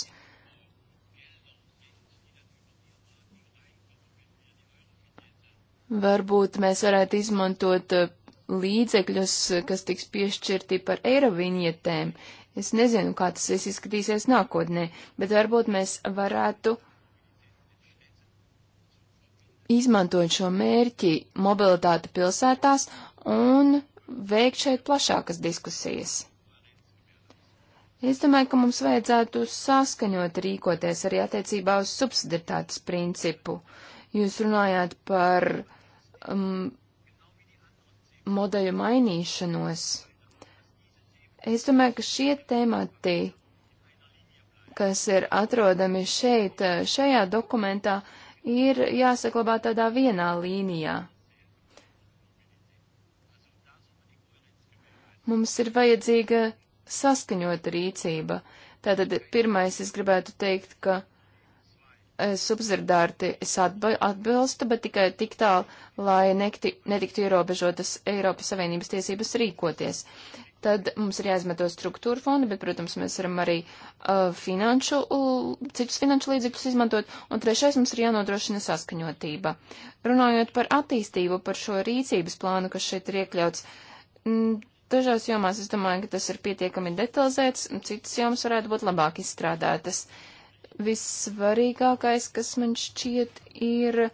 Varbūt mēs varētu izmantot uh, līdzekļus, kas tiks piešķirti par eirovinietēm, Es nezinu, kā tas viss izskatīsies nākotnē, bet varbūt mēs varētu izmantot šo mērķi mobilitāti pilsētās un veikt šeit plašākas diskusijas. Es domāju, ka mums vajadzētu saskaņot rīkoties arī attiecībā uz subsidiaritātes principu. Jūs runājāt par um, modeļu mainīšanos. Es domāju, ka šie temati, kas ir atrodami šeit, šajā dokumentā, ir jāsaklabā tādā vienā līnijā. Mums ir vajadzīga saskaņota rīcība. Tātad pirmais es gribētu teikt, ka e, subsirdārti es atbilstu, bet tikai tik tālu, lai nekti, netiktu ierobežotas Eiropas Savienības tiesības rīkoties tad mums ir jāizmanto struktūra fondi, bet, protams, mēs varam arī uh, finanšu, uh, citus finanšu līdzekļus izmantot, un trešais mums ir jānodrošina saskaņotība. Runājot par attīstību, par šo rīcības plānu, kas šeit ir iekļauts, m, dažās jomās es domāju, ka tas ir pietiekami detalizēts, un citas jomas varētu būt labāk izstrādātas. Vissvarīgākais, kas man šķiet, ir,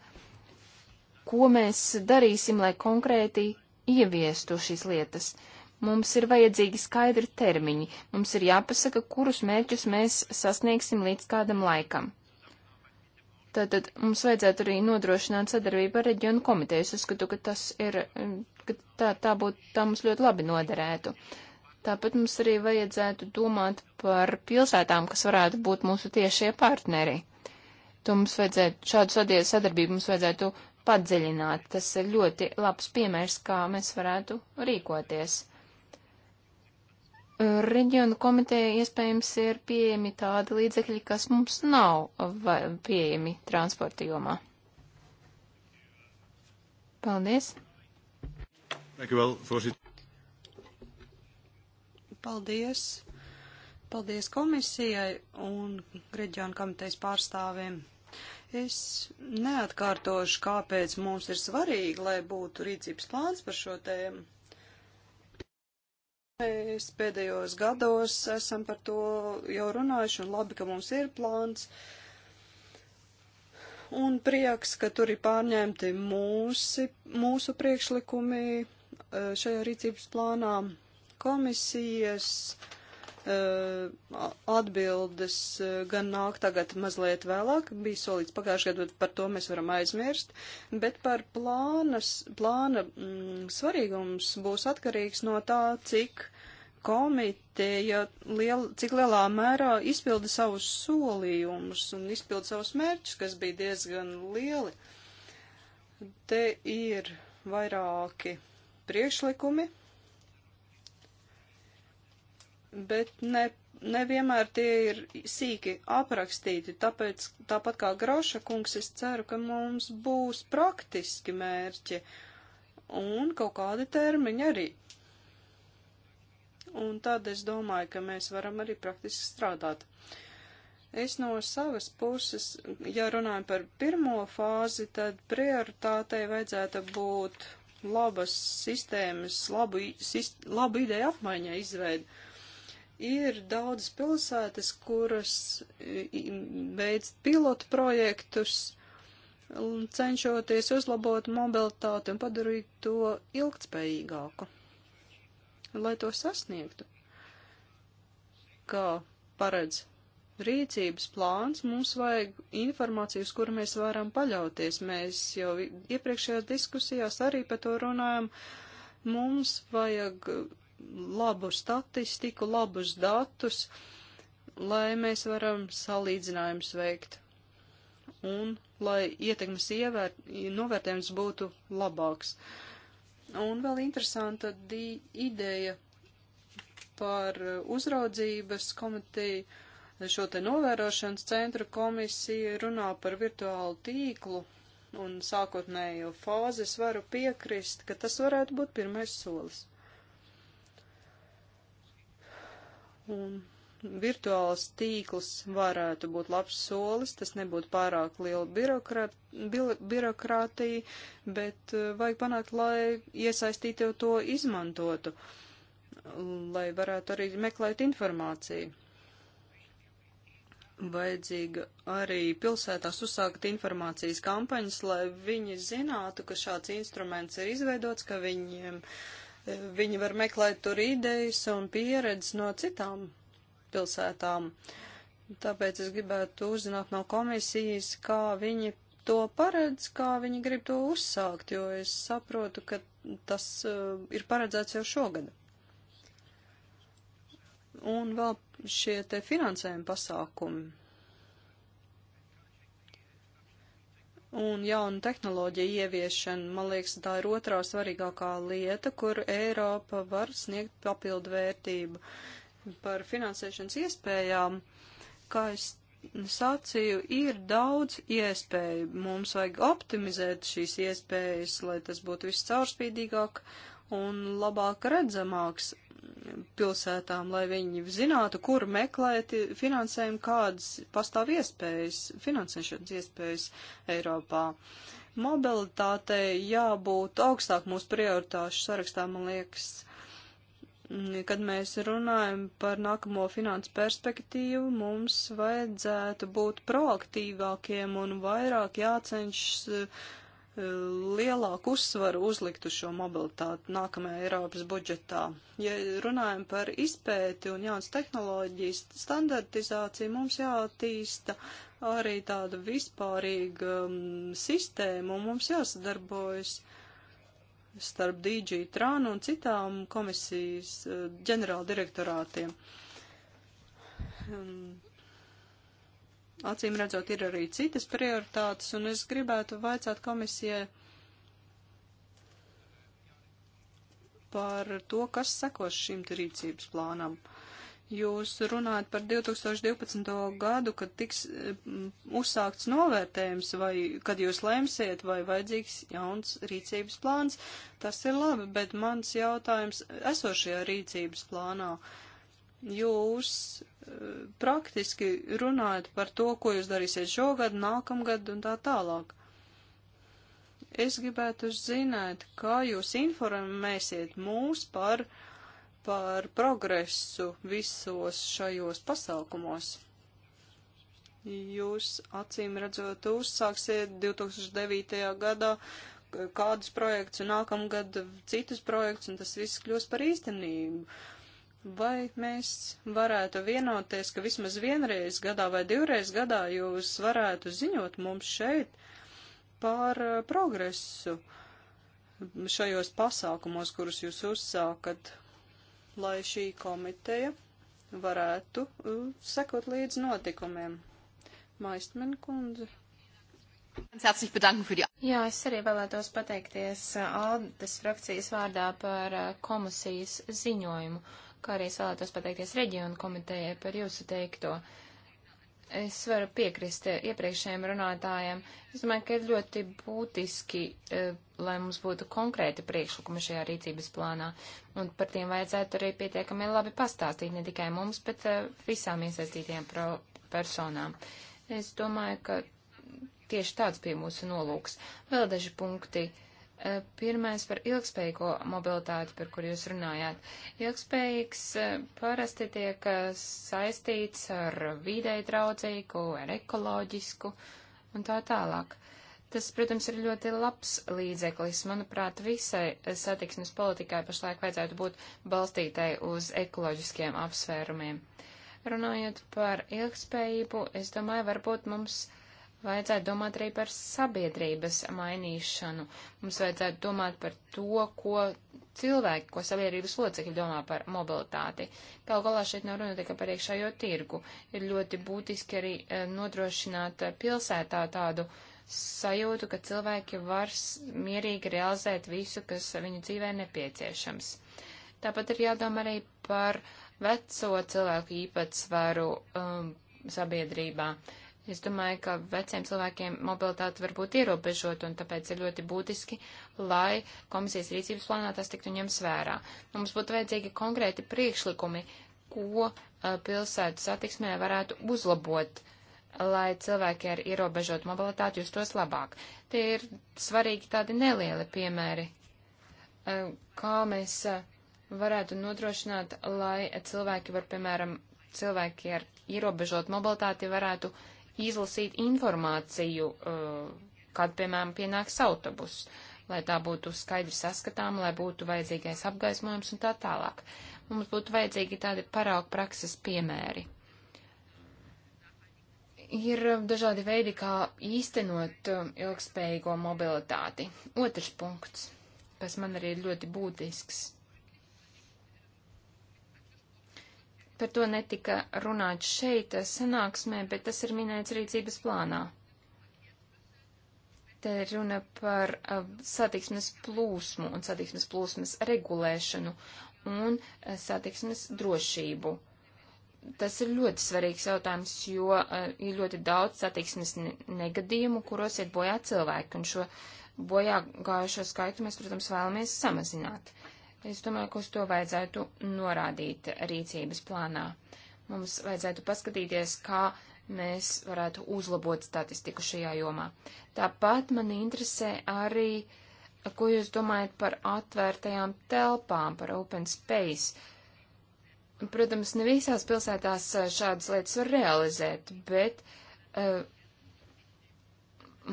ko mēs darīsim, lai konkrēti ieviestu šīs lietas. Uh, Mums ir vajadzīgi skaidri termiņi, mums ir jāpasaka, kurus mērķus mēs sasniegsim līdz kādam laikam. Tātad mums vajadzētu arī nodrošināt sadarbību ar reģionu komiteju. Es uzskatu, ka tas ir, mm, ka tā, tā būtu, tā mums ļoti labi noderētu. Tāpat mums arī vajadzētu domāt par pilsētām, kas varētu būt mūsu tiešie partneri. To mums vajadzētu, šādu sadarbību mums vajadzētu padziļināt. Tas ir ļoti labs piemērs, kā mēs varētu rīkoties. Reģionu komiteja iespējams ir pieejami tādi līdzekļi, kas mums nav pieejami transporta jomā. Paldies! Paldies! Paldies komisijai un reģionu komitejas pārstāvim. Es neatkārtošu, kāpēc mums ir svarīgi, lai būtu rīcības plāns par šo tēmu Mēs pēdējos gados esam par to jau runājuši, un labi, ka mums ir plāns. Un prieks, ka tur ir pārņemti mūsi, mūsu priekšlikumi eh, šajā rīcības plānā komisijas. Uh, Eh, atbildes eh, gan nāk tagad mazliet vēlāk, bija solīts pagājušajā gadā, par to mēs varam aizmirst, bet par plānas, plāna mm, svarīgums būs atkarīgs no tā, cik komiteja, liel, cik lielā mērā izpilda savus solījumus un izpilda savus mērķus, kas bija diezgan lieli. Te ir vairāki priekšlikumi, bet ne, nevienmēr tie ir sīki aprakstīti, tāpēc tāpat kā Groša kungs es ceru, ka mums būs praktiski mērķi un kaut kādi termiņi arī. Un tad es domāju, ka mēs varam arī praktiski strādāt. Es no savas puses, ja runājam par pirmo fāzi, tad prioritātei vajadzētu būt labas sistēmas, labu, sist, labu ideju apmaiņai izveidu. Ir daudz pilsētas, kuras veids pilotu projektus, cenšoties uzlabot mobilitāti un padarīt to ilgtspējīgāku. Lai to sasniegtu, kā paredz rīcības plāns, mums vajag informāciju, uz kuru mēs varam paļauties. Mēs jau iepriekšējās diskusijās arī par to runājam. Mums vajag labu statistiku, labus datus, lai mēs varam salīdzinājumus veikt un lai ietekmes ievērt, novērtējums būtu labāks. Un vēl interesanta ideja par uzraudzības komiteju. Šo te novērošanas centru komisija runā par virtuālu tīklu un sākotnējo fāzi es varu piekrist, ka tas varētu būt pirmais solis. Un virtuāls tīkls varētu būt labs solis, tas nebūtu pārāk liela birokrat, birokrātija, bet eh, vajag panākt, lai iesaistītie to izmantotu, lai varētu arī meklēt informāciju. Vajadzīga arī pilsētās uzsākt informācijas kampaņas, lai viņi zinātu, ka šāds instruments ir izveidots, ka viņiem uh, Viņi var meklēt tur idejas un pieredzes no citām pilsētām. Tāpēc es gribētu uzzināt no komisijas, kā viņi to paredz, kā viņi grib to uzsākt, jo es saprotu, ka tas uh, ir paredzēts jau šogad. Un vēl šie te finansējuma pasākumi. un jaunu tehnoloģiju ieviešanu. Man liekas, tā ir otrā svarīgākā lieta, kur Eiropa var sniegt papildu vērtību par finansēšanas iespējām. Kā es sacīju, ir daudz iespēju. Mums vajag optimizēt šīs iespējas, lai tas būtu viss caurspīdīgāk un labāk redzamāks pilsētām, lai viņi zinātu, kur meklēt finansējumu, kādas pastāv iespējas, finansēšanas iespējas Eiropā. Mobilitātei jābūt augstāk mūsu prioritāšu sarakstā, man liekas. Kad mēs runājam par nākamo finansu perspektīvu, mums vajadzētu būt proaktīvākiem un vairāk jācenšas lielāku uzsvaru uzlikt uz šo mobilitāti nākamajā Eiropas budžetā. Ja runājam par izpēti un jaunas tehnoloģijas standartizāciju, mums jātīsta arī tāda vispārīga um, sistēma un mums jāsadarbojas starp DG Trānu un citām komisijas uh, ģenerāldirektorātiem. Um, acīm redzot, ir arī citas prioritātes, un es gribētu vaicāt komisijai par to, kas sekos šim rīcības plānam. Jūs runājat par 2012. gadu, kad tiks mm, uzsākts novērtējums, vai kad jūs lemsiet, vai vajadzīgs jauns rīcības plāns. Tas ir labi, bet mans jautājums esošajā rīcības plānā. Jūs praktiski runājat par to, ko jūs darīsiet šogad, nākamgad un tā tālāk. Es gribētu zināt, kā jūs informēsiet mūs par, par progresu visos šajos pasākumos. Jūs acīm redzot uzsāksiet 2009. gadā kādus projektus un nākamgad citus projektus, un tas viss kļūs par īstenību. Uh, vai mēs varētu vienoties, ka vismaz vienreiz gadā vai divreiz gadā jūs varētu ziņot mums šeit par uh, progresu šajos pasākumos, kurus jūs uzsākat, lai šī komiteja varētu uh, sekot līdz notikumiem. Maistmen kundze. Jā, es arī vēlētos pateikties uh, Aldas frakcijas vārdā par komisijas ziņojumu. Uh, kā arī es vēlētos pateikties reģionu komitejai par jūsu teikto. Es varu piekrist eh, iepriekšējiem runātājiem. Es domāju, ka ir ļoti būtiski, eh, lai mums būtu konkrēti priekšlikumi šajā rīcības plānā, un par tiem vajadzētu arī pietiekami labi pastāstīt ne tikai mums, bet eh, visām iesaistītajām personām. Es domāju, ka tieši tāds bija mūsu nolūks. Vēl daži punkti. Uh, Eh, pirmais par ilgspējīgo mobilitāti, par kur jūs runājāt. Ilgspējīgs eh, parasti tiek eh, saistīts ar videi draudzīgu, ar ekoloģisku un tā tālāk. Tas, protams, ir ļoti labs līdzeklis. Manuprāt, visai satiksmes politikai pašlaik vajadzētu būt balstītai uz ekoloģiskiem apsvērumiem. Runājot par ilgspējību, es domāju, varbūt mums vajadzētu domāt arī par sabiedrības mainīšanu. Mums vajadzētu domāt par to, ko cilvēki, ko sabiedrības locekļi domā par mobilitāti. Galu galā šeit nav runa tikai par iekšējo tirgu. Ir ļoti būtiski arī eh, nodrošināt eh, pilsētā tādu sajūtu, ka cilvēki var mierīgi realizēt visu, kas viņu dzīvē nepieciešams. Tāpat ir jādomā arī par veco cilvēku īpatsvaru um, sabiedrībā. Uh, Es domāju, ka veciem cilvēkiem mobilitāte var būt ierobežota, un tāpēc ir ļoti būtiski, lai komisijas rīcības plānā tas tiktu ņemts vērā. Mums būtu vajadzīgi konkrēti priekšlikumi, ko uh, pilsētu satiksmē varētu uzlabot, lai cilvēki ar ierobežotu mobilitāti justos labāk. Tie ir svarīgi tādi nelieli piemēri, uh, kā mēs uh, varētu nodrošināt, lai cilvēki var, piemēram, cilvēki ar ierobežotu mobilitāti varētu izlasīt informāciju, uh, kad, piemēram, pienāks autobus, lai tā būtu skaidri saskatām, lai būtu vajadzīgais apgaismojums un tā tālāk. Mums būtu vajadzīgi tādi parauga prakses piemēri. Ir dažādi veidi, kā īstenot um, ilgspējīgo mobilitāti. Otrs punkts, kas man arī ir ļoti būtisks Par to netika runāts šeit eh, sanāksmē, bet tas ir minēts rīcības plānā. Te ir runa par eh, satiksmes plūsmu un satiksmes plūsmas regulēšanu un eh, satiksmes drošību. Tas ir ļoti svarīgs jautājums, jo uh, ir ļoti daudz satiksmes negadījumu, kuros iet bojā cilvēki, un šo bojā gājušo skaitu mēs, protams, vēlamies samazināt. Uh, Es domāju, ka uz to vajadzētu norādīt rīcības plānā. Mums vajadzētu paskatīties, kā mēs varētu uzlabot statistiku šajā jomā. Tāpat man interesē arī, ko jūs domājat par atvērtajām telpām, par open space. Protams, ne visās pilsētās eh, šādas lietas var realizēt, bet uh,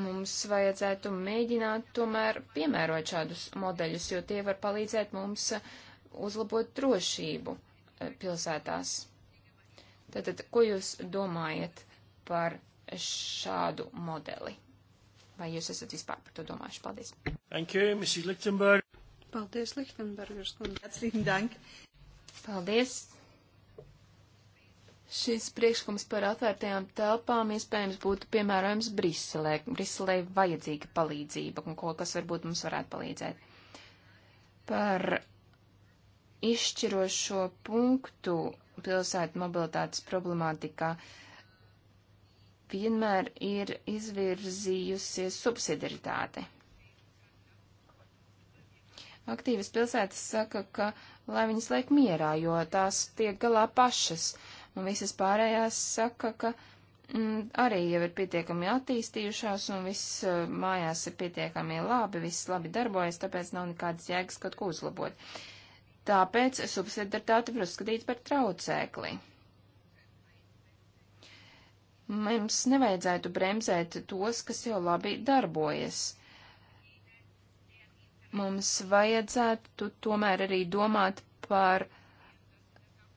mums vajadzētu mēģināt tomēr piemērot šādus modeļus, jo tie var palīdzēt mums uh, uzlabot drošību uh, pilsētās. Tātad, ko jūs domājat par šādu modeli? Vai jūs esat vispār par to domājuši? Paldies. Thank you, Mrs. Lichtenberg. Paldies, Lichtenbergers kundze. Herzlichen Dank. Paldies. Šis priekšlikums par atvērtajām telpām iespējams būtu piemērojams Briselē. Briselē vajadzīga palīdzība, un kaut kas varbūt mums varētu palīdzēt. Par izšķirošo punktu pilsētu mobilitātes problemātikā vienmēr ir izvirzījusies subsidiritāte. Aktīvas pilsētas saka, ka lai viņas liek mierā, jo tās tiek galā pašas un visas pārējās saka, ka mm, arī jau ir pietiekami attīstījušās, un viss uh, mājās ir pietiekami labi, viss labi darbojas, tāpēc nav nekādas jēgas kaut ko uzlabot. Tāpēc subsidiaritāti var uzskatīt par traucēkli. Mums nevajadzētu bremzēt tos, kas jau labi darbojas mums vajadzētu tomēr arī domāt par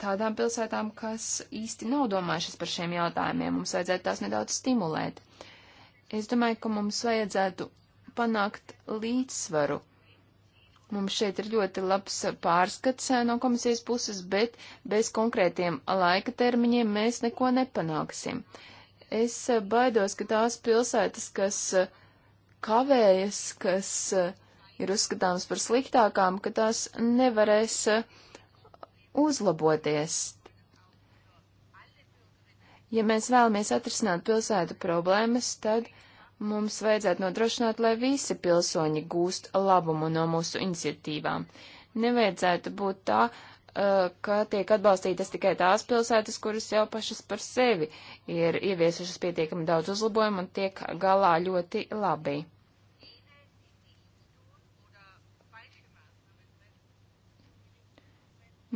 tādām pilsētām, kas īsti nav domājušas par šiem jautājumiem. Mums vajadzētu tās nedaudz stimulēt. Es domāju, ka mums vajadzētu panākt līdzsvaru. Mums šeit ir ļoti labs pārskats eh, no komisijas puses, bet bez konkrētiem laika termiņiem mēs neko nepanāksim. Es eh, baidos, ka tās pilsētas, kas eh, kavējas, kas ir uzskatāmas par sliktākām, ka tās nevarēs uh, uzlaboties. Ja mēs vēlamies atrisināt pilsētu problēmas, tad mums vajadzētu nodrošināt, lai visi pilsoņi gūst labumu no mūsu iniciatīvām. Nevajadzētu būt tā, uh, ka tiek atbalstītas tikai tās pilsētas, kuras jau pašas par sevi ir ieviesušas pietiekami daudz uzlabojumu un tiek galā ļoti labi.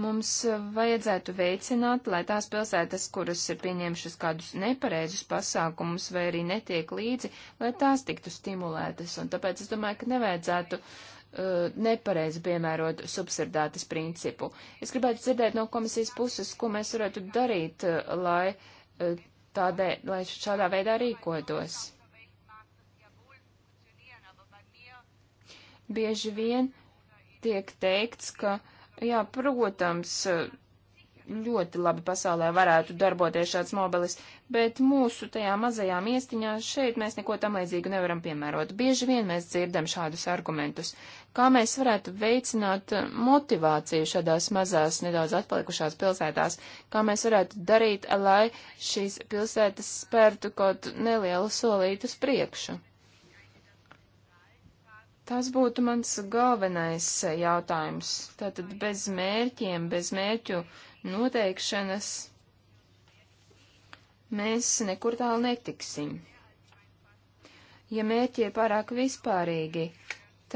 Mums vajadzētu veicināt, lai tās pilsētas, kuras ir pieņemšas kādus nepareizus pasākumus vai arī netiek līdzi, lai tās tiktu stimulētas. Un tāpēc es domāju, ka nevajadzētu uh, nepareizi piemērot subsidētas principu. Es gribētu dzirdēt no komisijas puses, ko mēs varētu darīt, uh, lai, uh, tādē, lai šādā veidā rīkotos. Bieži vien tiek teikts, ka uh, jā, protams, ļoti labi pasaulē varētu darboties šāds mobilis, bet mūsu tajā mazajā miestiņā šeit mēs neko tam līdzīgu nevaram piemērot. Bieži vien mēs dzirdam šādus argumentus. Kā mēs varētu veicināt motivāciju šādās mazās, nedaudz atpalikušās pilsētās? Kā mēs varētu darīt, lai šīs pilsētas spērtu kaut nelielu solītu uz priekšu? Tas būtu mans galvenais jautājums. Tātad bez mērķiem, bez mērķu noteikšanas mēs nekur tālu netiksim. Ja mērķi ir pārāk vispārīgi,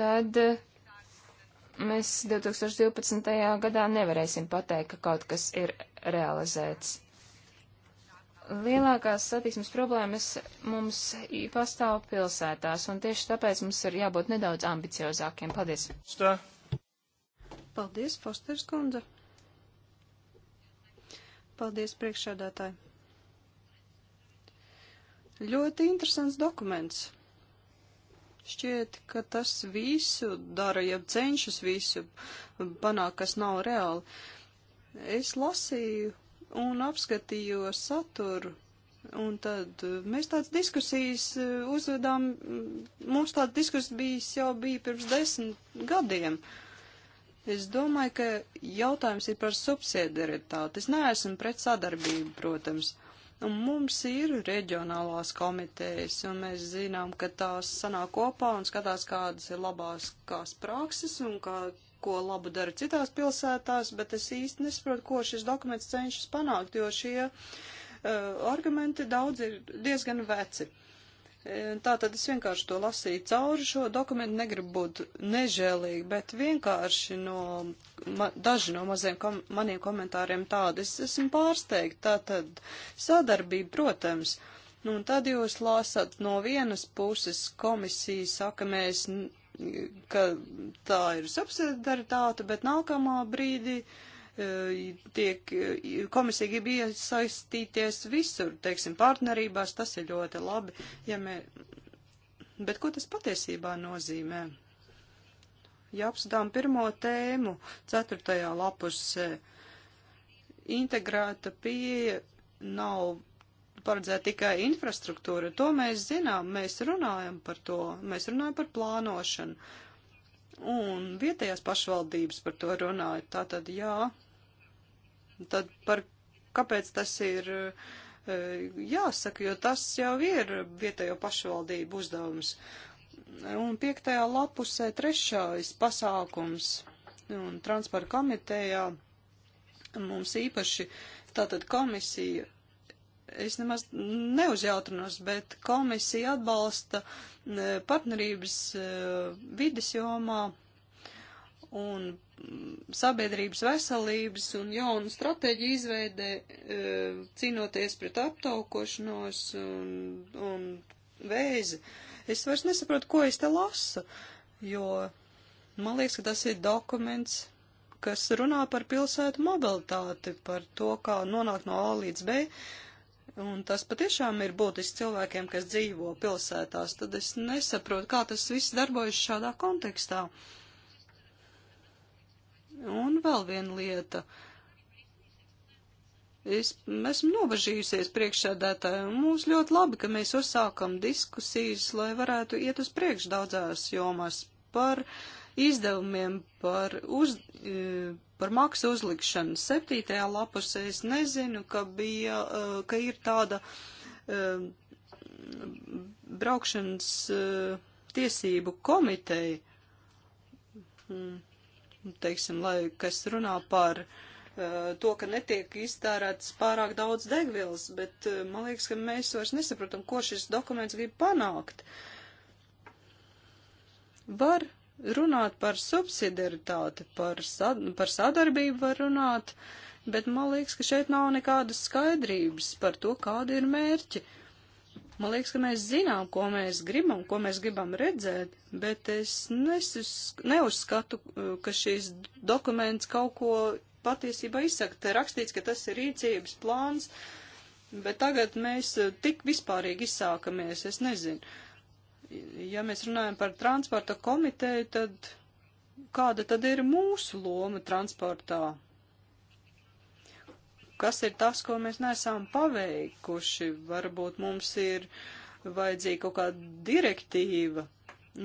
tad mēs 2012. gadā nevarēsim pateikt, ka kaut kas ir realizēts lielākās satiksmes problēmas mums pastāv pilsētās, un tieši tāpēc mums ir jābūt nedaudz ambiciozākiem. Paldies! Stā. Paldies, Fosters kundze! Paldies, priekšsēdētāji! Ļoti interesants dokuments. Šķiet, ka tas visu dara, ja cenšas visu panākt, kas nav reāli. Es lasīju un apskatījos saturu. Un tad mēs tādas diskusijas eh, uzvedām, mm, mums tādas diskusijas bijis jau bija pirms desmit gadiem. Es domāju, ka jautājums ir par subsidiaritāti. Es neesmu pret sadarbību, protams. Un mums ir reģionālās komitejas, un mēs zinām, ka tās sanāk kopā un skatās, kādas ir labās kās prakses un kā ko labu dara citās pilsētās, bet es īsti nesaprotu, ko šis dokuments cenšas panākt, jo šie uh, argumenti daudz ir diezgan veci. Tātad es vienkārši to lasīju cauri šo dokumentu, negribu būt nežēlīgi, bet vienkārši no ma, daži no maziem kom, maniem komentāriem tādi es esmu pārsteigta. Tātad sadarbība, protams, nu un tad jūs lasat no vienas puses komisija saka, mēs ka tā ir subsidaritāte, bet nākamā brīdī eh, tiek eh, komisija grib iesaistīties visur, teiksim, partnerībās, tas ir ļoti labi, ja mē... bet ko tas patiesībā nozīmē? Ja apstām pirmo tēmu, ceturtajā lapusē, integrēta pieeja nav paredzēt tikai infrastruktūra. To mēs zinām, mēs runājam par to, mēs runājam par plānošanu. Un vietējās pašvaldības par to runāja. Tātad, jā, tad par kāpēc tas ir e, jāsaka, jo tas jau ir vietējo pašvaldību uzdevums. Un piektajā lapusē trešais pasākums un transporta komitejā mums īpaši tātad komisija es nemaz neuzjautrinos, bet komisija atbalsta e, partnerības e, vides jomā un mm, sabiedrības veselības un jaunu stratēģiju izveidē, e, cīnoties pret aptaukošanos un, un vēzi. Es vairs nesaprotu, ko es te lasu, jo man liekas, ka tas ir dokuments, kas runā par pilsētu mobilitāti, par to, kā nonākt no A līdz B. Uh, un tas patiešām ir būtisks cilvēkiem, kas dzīvo pilsētās, tad es nesaprotu, kā tas viss darbojas šādā kontekstā. Un vēl viena lieta. Es esmu novažījusies priekšsēdētāju, un mums ļoti labi, ka mēs uzsākam diskusijas, lai varētu iet uz priekšu daudzās jomās par izdevumiem, par uz, e, Par maksu uzlikšanu septītajā lapusē es nezinu, ka bija, eh, ka ir tāda eh, braukšanas eh, tiesību komiteja, hmm. teiksim, lai, kas runā par to, ka netiek iztērēts pārāk daudz degvielas, bet man liekas, ka mēs vairs nesaprotam, ko šis dokuments grib panākt. Var runāt par subsidiaritāti, par, sad, par sadarbību var runāt, bet man liekas, ka šeit nav nekādas skaidrības par to, kādi ir mērķi. Man liekas, ka mēs zinām, ko mēs gribam, ko mēs gribam redzēt, bet es nesus, neuzskatu, uh, ka šīs dokuments kaut ko patiesībā izsaka. Te rakstīts, ka tas ir rīcības plāns, bet tagad mēs uh, tik vispārīgi izsākamies, es nezinu ja mēs runājam par transporta komiteju, tad kāda tad ir mūsu loma transportā? Kas ir tas, ko mēs nesam paveikuši? Varbūt mums ir vajadzīga kaut kāda direktīva.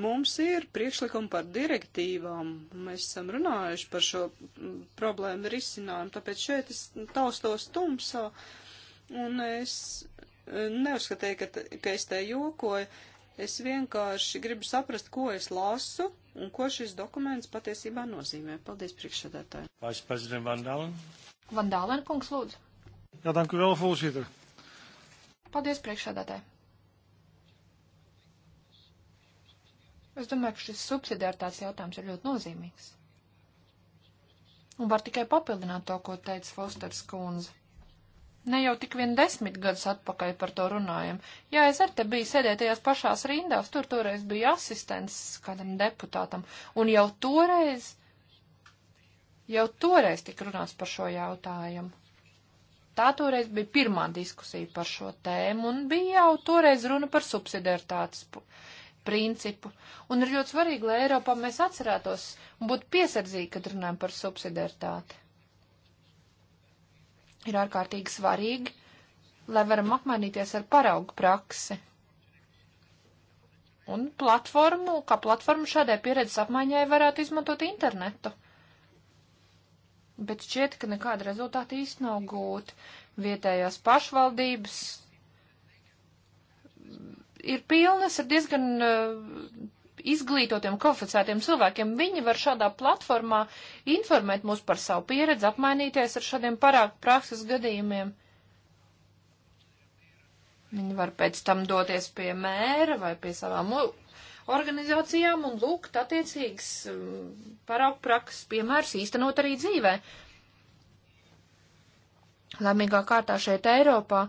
Mums ir priekšlikumi par direktīvām. Mēs esam runājuši par šo problēmu risinājumu, tāpēc šeit es taustos tumsā. Un es neuzskatīju, ka, ka es te jokoju, Es vienkārši gribu saprast, ko es lasu un ko šis dokuments patiesībā nozīmē. Paldies, priekšsēdētāji. Vice President Van Dalen. Van Dalen, kungs, lūdzu. Jā, danku vēl, voorzitter. Paldies, priekšsēdētāji. Es domāju, ka šis subsidiārtāts jautājums ir ļoti nozīmīgs. Un var tikai papildināt to, ko teica Fosters kundze. Ne jau tik vien desmit gadus atpakaļ par to runājam. Jā, es ar te biju sēdētajās pašās rindās, tur toreiz bija asistents kādam deputātam, un jau toreiz, jau toreiz tik runāts par šo jautājumu. Tā toreiz bija pirmā diskusija par šo tēmu, un bija jau toreiz runa par subsidiaritātes principu. Un ir ļoti svarīgi, lai Eiropā mēs atcerētos un būtu piesardzīgi, kad runājam par subsidiaritāti ir ārkārtīgi svarīgi, lai varam apmainīties ar paraugu praksi. Un platformu, kā platformu šādai pieredzes apmaiņai varētu izmantot internetu. Bet šķiet, ka nekāda rezultāta īsti nav gūta. Vietējās pašvaldības ir pilnas ar diezgan uh, izglītotiem, kvalificētiem cilvēkiem. Viņi var šādā platformā informēt mūs par savu pieredzi, apmainīties ar šādiem parāk prakses gadījumiem. Viņi var pēc tam doties pie mēra vai pie savām organizācijām un lūgt attiecīgs um, parāk prakses piemērs īstenot arī dzīvē. Laimīgā kārtā šeit Eiropā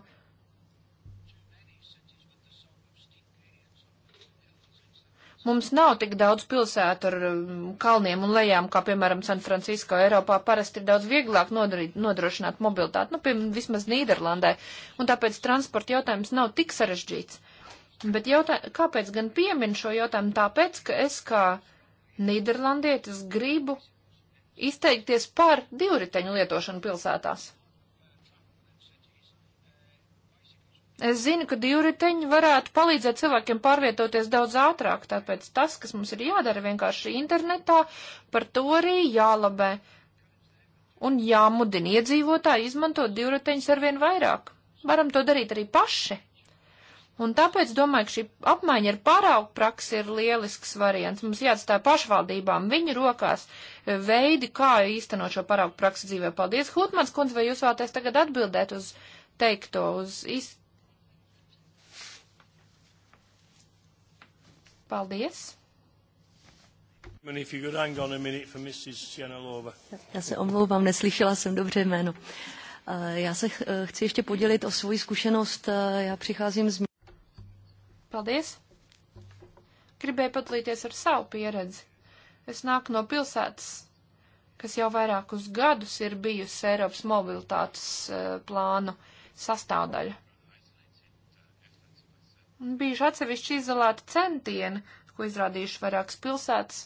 Mums nav tik daudz pilsētu ar um, kalniem un lejām, kā, piemēram, San Francisco Eiropā. Parasti ir daudz vieglāk nodarīt, nodrošināt mobilitāti, nu, piemēram, vismaz Nīderlandē. Un tāpēc transporta jautājums nav tik sarežģīts. Bet jautā, kāpēc gan piemin šo jautājumu? Tāpēc, ka es kā Nīderlandietis gribu izteikties par divriteņu lietošanu pilsētās. Es zinu, ka divriteņi varētu palīdzēt cilvēkiem pārvietoties daudz ātrāk, tāpēc tas, kas mums ir jādara vienkārši internetā, par to arī jālabē. Un jāmudina iedzīvotāji izmantot divriteņus arvien vairāk. Varam to darīt arī paši. Un tāpēc domāju, ka šī apmaiņa ar pāraugu praksi ir lielisks variants. Mums jāatstāj pašvaldībām viņu rokās veidi, kā īstenot šo pāraugu praksi dzīvē. Paldies, Hutmans kundze, vai jūs vēlaties tagad atbildēt uz teikto, uz iz, Paldies! Já se omlouvám, neslyšela jsem dobře jméno. Eh, já se eh, chci ještě podělit o svoji zkušenost. Eh, já přicházím z... Paldies! Gribēju padalīties ar savu pieredzi. Es nāku no pilsētas, kas jau vairākus gadus ir bijusi Eiropas mobilitātes plānu sastāvdaļa. Un bijuši atsevišķi izolēti centieni, ko izrādījuši vairākas pilsētas.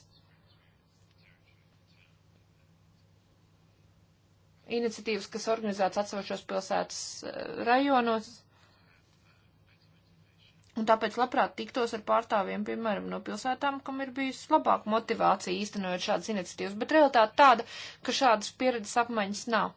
Iniciatīvas, kas organizētas atsevišķos pilsētas eh, rajonos. Un tāpēc labprāt tiktos ar pārstāvjiem, piemēram, no pilsētām, kam ir bijusi labāka motivācija īstenojot šādas iniciatīvas, bet realitāte tāda, ka šādas pieredzes apmaiņas nav.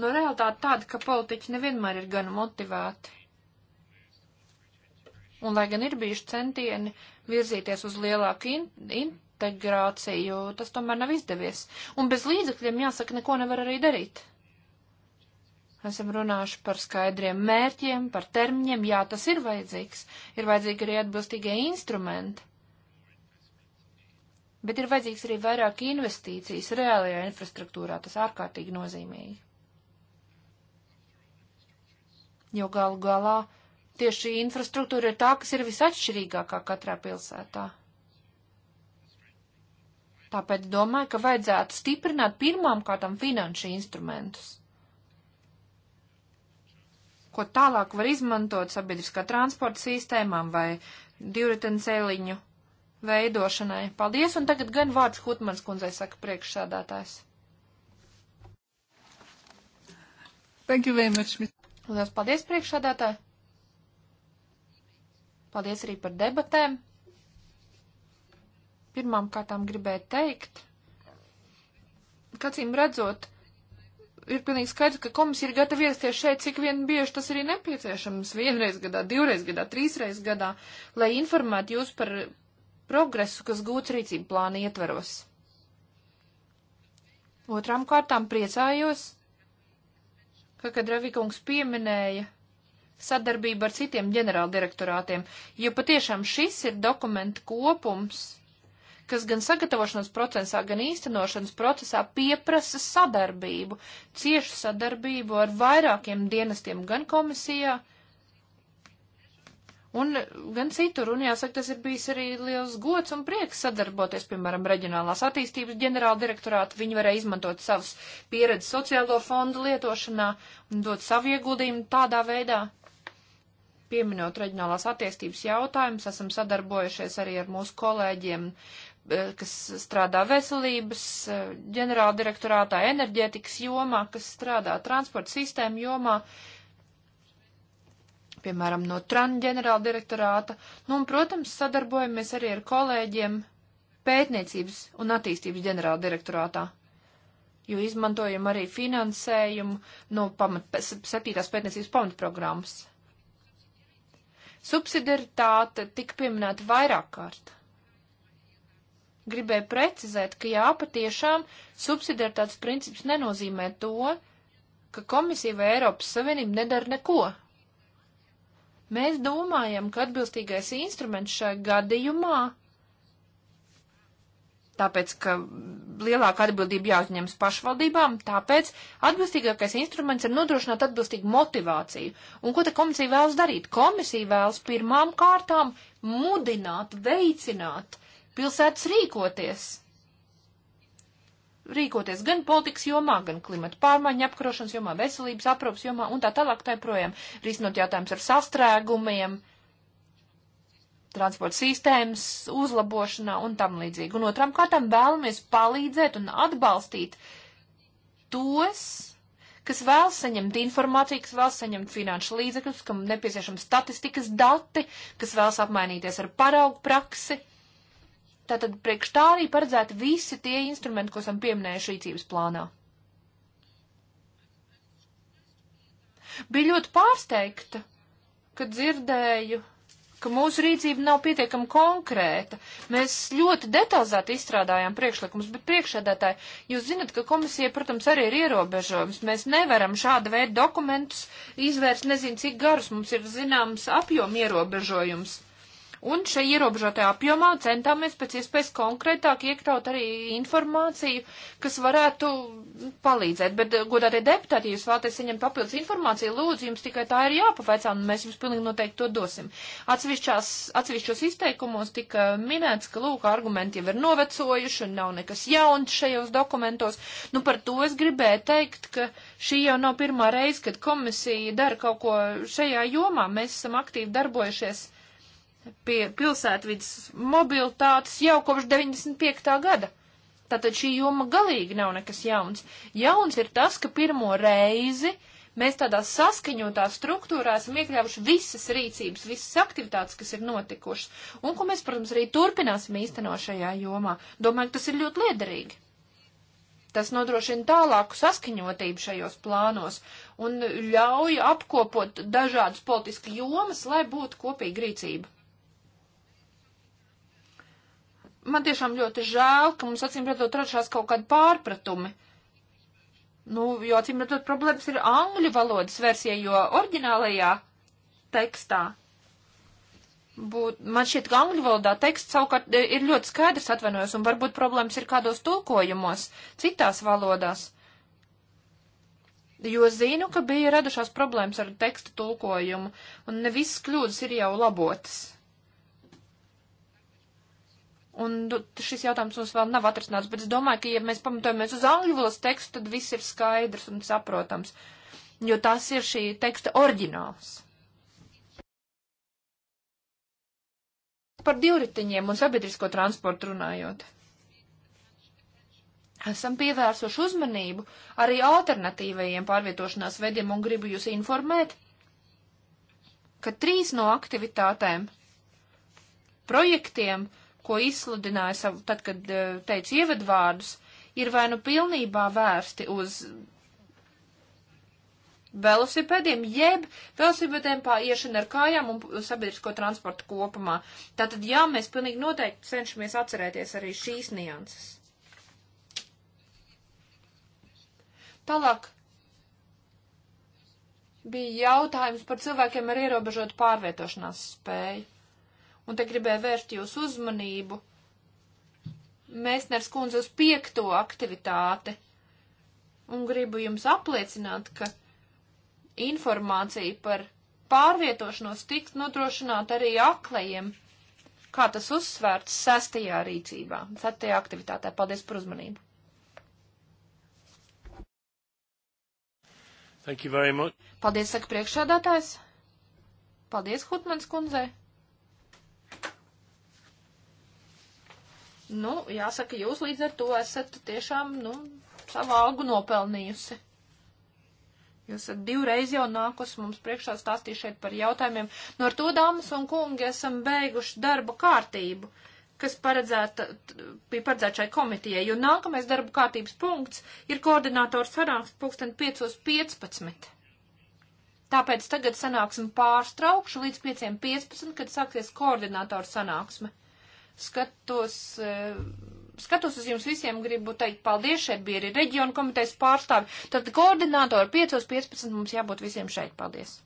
Nu, realitāte tāda, ka politiķi nevienmēr ir gan motivēti. Un, lai gan ir bijuši centieni virzīties uz lielāku in integrāciju, tas tomēr nav izdevies. Un bez līdzekļiem, jāsaka, neko nevar arī darīt. Esam runājuši par skaidriem mērķiem, par termiņiem. Jā, tas ir vajadzīgs. Ir vajadzīgi arī atbilstīgie instrumenti. Bet ir vajadzīgs arī vairāk investīcijas reālajā infrastruktūrā. Tas ārkārtīgi nozīmīgi jo galu galā tieši infrastruktūra ir tā, kas ir visatšķirīgākā katrā pilsētā. Tāpēc domāju, ka vajadzētu stiprināt pirmām kārtām finanšu instrumentus, ko tālāk var izmantot sabiedriskā transporta sistēmām vai divritencēliņu veidošanai. Paldies, un tagad gan vārds Hutmans kundzei saka priekšsādātājs. Thank you very much, Mr. Lielas paldies priekšādātāji. Paldies arī par debatēm. Pirmām kārtām gribēju teikt, ka acīm redzot, ir pilnīgi skaidrs, ka komisija ir gatava iesties šeit, cik vien bieži tas arī nepieciešams, vienreiz gadā, divreiz gadā, trīsreiz gadā, lai informētu jūs par progresu, kas gūts rīcību plāna ietveros. Otrām kārtām priecājos, ka, kad Ravikungs pieminēja sadarbību ar citiem ģenerāldirektorātiem, jo patiešām šis ir dokumentu kopums, kas gan sagatavošanas procesā, gan īstenošanas procesā pieprasa sadarbību, ciešu sadarbību ar vairākiem dienestiem gan komisijā, un gan citur. Un jāsaka, tas ir bijis arī liels gods un prieks sadarboties, piemēram, reģionālās attīstības ģenerāla direktorāta. Viņi varēja izmantot savas pieredzes sociālo fondu lietošanā un dot savu ieguldījumu tādā veidā. Pieminot reģionālās attīstības jautājumus, esam sadarbojušies arī ar mūsu kolēģiem eh, kas strādā veselības eh, ģenerāldirektorātā, enerģētikas jomā, kas strādā transporta sistēmu jomā, uh, piemēram, no TRAN ģenerāla direktorāta, nu, un, protams, sadarbojamies arī ar kolēģiem pētniecības un attīstības ģenerāla direktorātā, jo izmantojam arī finansējumu no pamat, septītās pētniecības pamatprogrammas. Subsidiaritāte tika pieminēta vairāk kārt. Gribēju precizēt, ka jā, patiešām subsidiaritātes princips nenozīmē to, ka komisija vai Eiropas Savienība nedara neko Mēs domājam, ka atbilstīgais instruments šajā gadījumā, tāpēc, ka lielāka atbildība jāuzņems pašvaldībām, tāpēc atbilstīgākais instruments ir nodrošināt atbilstīgu motivāciju. Un ko te komisija vēlas darīt? Komisija vēlas pirmām kārtām mudināt, veicināt pilsētas rīkoties rīkoties gan politikas jomā, gan klimata pārmaiņu apkarošanas jomā, veselības aprūpas jomā un tā tālāk tā projām, risinot jautājumus ar sastrēgumiem, transporta sistēmas uzlabošanā un tam līdzīgi. Un otram kārtam vēlamies palīdzēt un atbalstīt tos, kas vēlas saņemt informāciju, kas vēlas saņemt finanšu līdzekļus, kam nepieciešama statistikas dati, kas vēlas apmainīties ar paraugu praksi Tātad priekš tā arī paredzēti visi tie instrumenti, ko esam pieminējuši rīcības plānā. Bija ļoti pārsteigta, kad dzirdēju, ka mūsu rīcība nav pietiekama konkrēta. Mēs ļoti detalizēti izstrādājām priekšlikumus, bet priekšsēdētāji, jūs zinat, ka komisija, protams, arī ir ierobežojums. Mēs nevaram šāda veida dokumentus izvērst, nezinu, cik garus mums ir zināms apjom ierobežojums. Un šai ierobežotajā apjomā centāmies pēc iespējas konkrētāk iekļaut arī informāciju, kas varētu palīdzēt. Bet, godātie deputāti, ja jūs vēlaties saņemt papildus informāciju, lūdzu, jums tikai tā ir jāpavaicā, un mēs jums pilnīgi noteikti to dosim. Atsevišķos izteikumos tika minēts, ka, lūk, argumenti jau ir novecojuši un nav nekas jauns šajos dokumentos. Nu, par to es gribēju teikt, ka šī jau nav pirmā reize, kad komisija dara kaut ko šajā jomā. Mēs esam aktīvi darbojušies pie pilsētvidas mobilitātes jau kopš 95. gada. Tātad šī joma galīgi nav nekas jauns. Jauns ir tas, ka pirmo reizi mēs tādā saskaņotā struktūrā esam iekļāvuši visas rīcības, visas aktivitātes, kas ir notikušas, un ko mēs, protams, arī turpināsim īstenot šajā jomā. Domāju, ka tas ir ļoti liederīgi. Tas nodrošina tālāku saskaņotību šajos plānos un ļauj apkopot dažādas politiski jomas, lai būtu kopīga rīcība. Man tiešām ļoti žēl, ka mums acīm redzot radušās kaut kādi pārpratumi. Nu, jo acīm redzot problēmas ir angļu valodas versija, jo oriģinālajā tekstā Būt, man šķiet, ka angļu valodā teksts savukārt e, ir ļoti skaidrs atvainojos, un varbūt problēmas ir kādos tulkojumos, citās valodās. Jo zinu, ka bija radušās problēmas ar tekstu tulkojumu, un ne visas kļūdas ir jau labotas. Un šis jautājums mums vēl nav atrasināts, bet es domāju, ka, ja mēs pamatojamies uz angļu valodas tekstu, tad viss ir skaidrs un saprotams, jo tas ir šī teksta oriģināls. Par divritiņiem un sabiedrisko transportu runājot. Esam pievērsuši uzmanību arī alternatīvajiem pārvietošanās veidiem un gribu jūs informēt, ka trīs no aktivitātēm, projektiem, uh, ko izsludināja savu, tad, kad e, teica ievadvārdus, ir vai nu pilnībā vērsti uz velosipēdiem, jeb velosipēdiem pāriešana ar kājām un sabiedrisko transportu kopumā. Tātad, jā, mēs pilnīgi noteikti cenšamies atcerēties arī šīs nianses. Tālāk bija jautājums par cilvēkiem ar ierobežotu pārvietošanās spēju un te gribēju vērst jūsu uzmanību. Mēsners kundze uz piekto aktivitāti, un gribu jums apliecināt, ka informācija par pārvietošanos tiks nodrošināta arī aklajiem, kā tas uzsvērts sestajā rīcībā, sestajā aktivitātē. Paldies par uzmanību! Thank you very much. Paldies, saka priekšsādātājs. Paldies, Hutmans kundzei. Nu, jāsaka, jūs līdz ar to esat tiešām, nu, savu algu nopelnījusi. Jūs esat divreiz jau nākus mums priekšā stāstīt šeit par jautājumiem. Nu, ar to, dāmas un kungi, esam beiguši darbu kārtību, kas paredzēta, bija paredzēta šai komitijai, jo nākamais darbu kārtības punkts ir koordinātors sarāks pulksten 5.15. Tāpēc tagad sanāksim pārstraukšu līdz 5.15, kad sāksies koordinātors sanāksme. Skatos, e, skatos uz jums visiem, gribu teikt paldies, šeit bija arī reģiona komitejas pārstāvi. Tad koordinātori 5.15 mums jābūt visiem šeit. Paldies!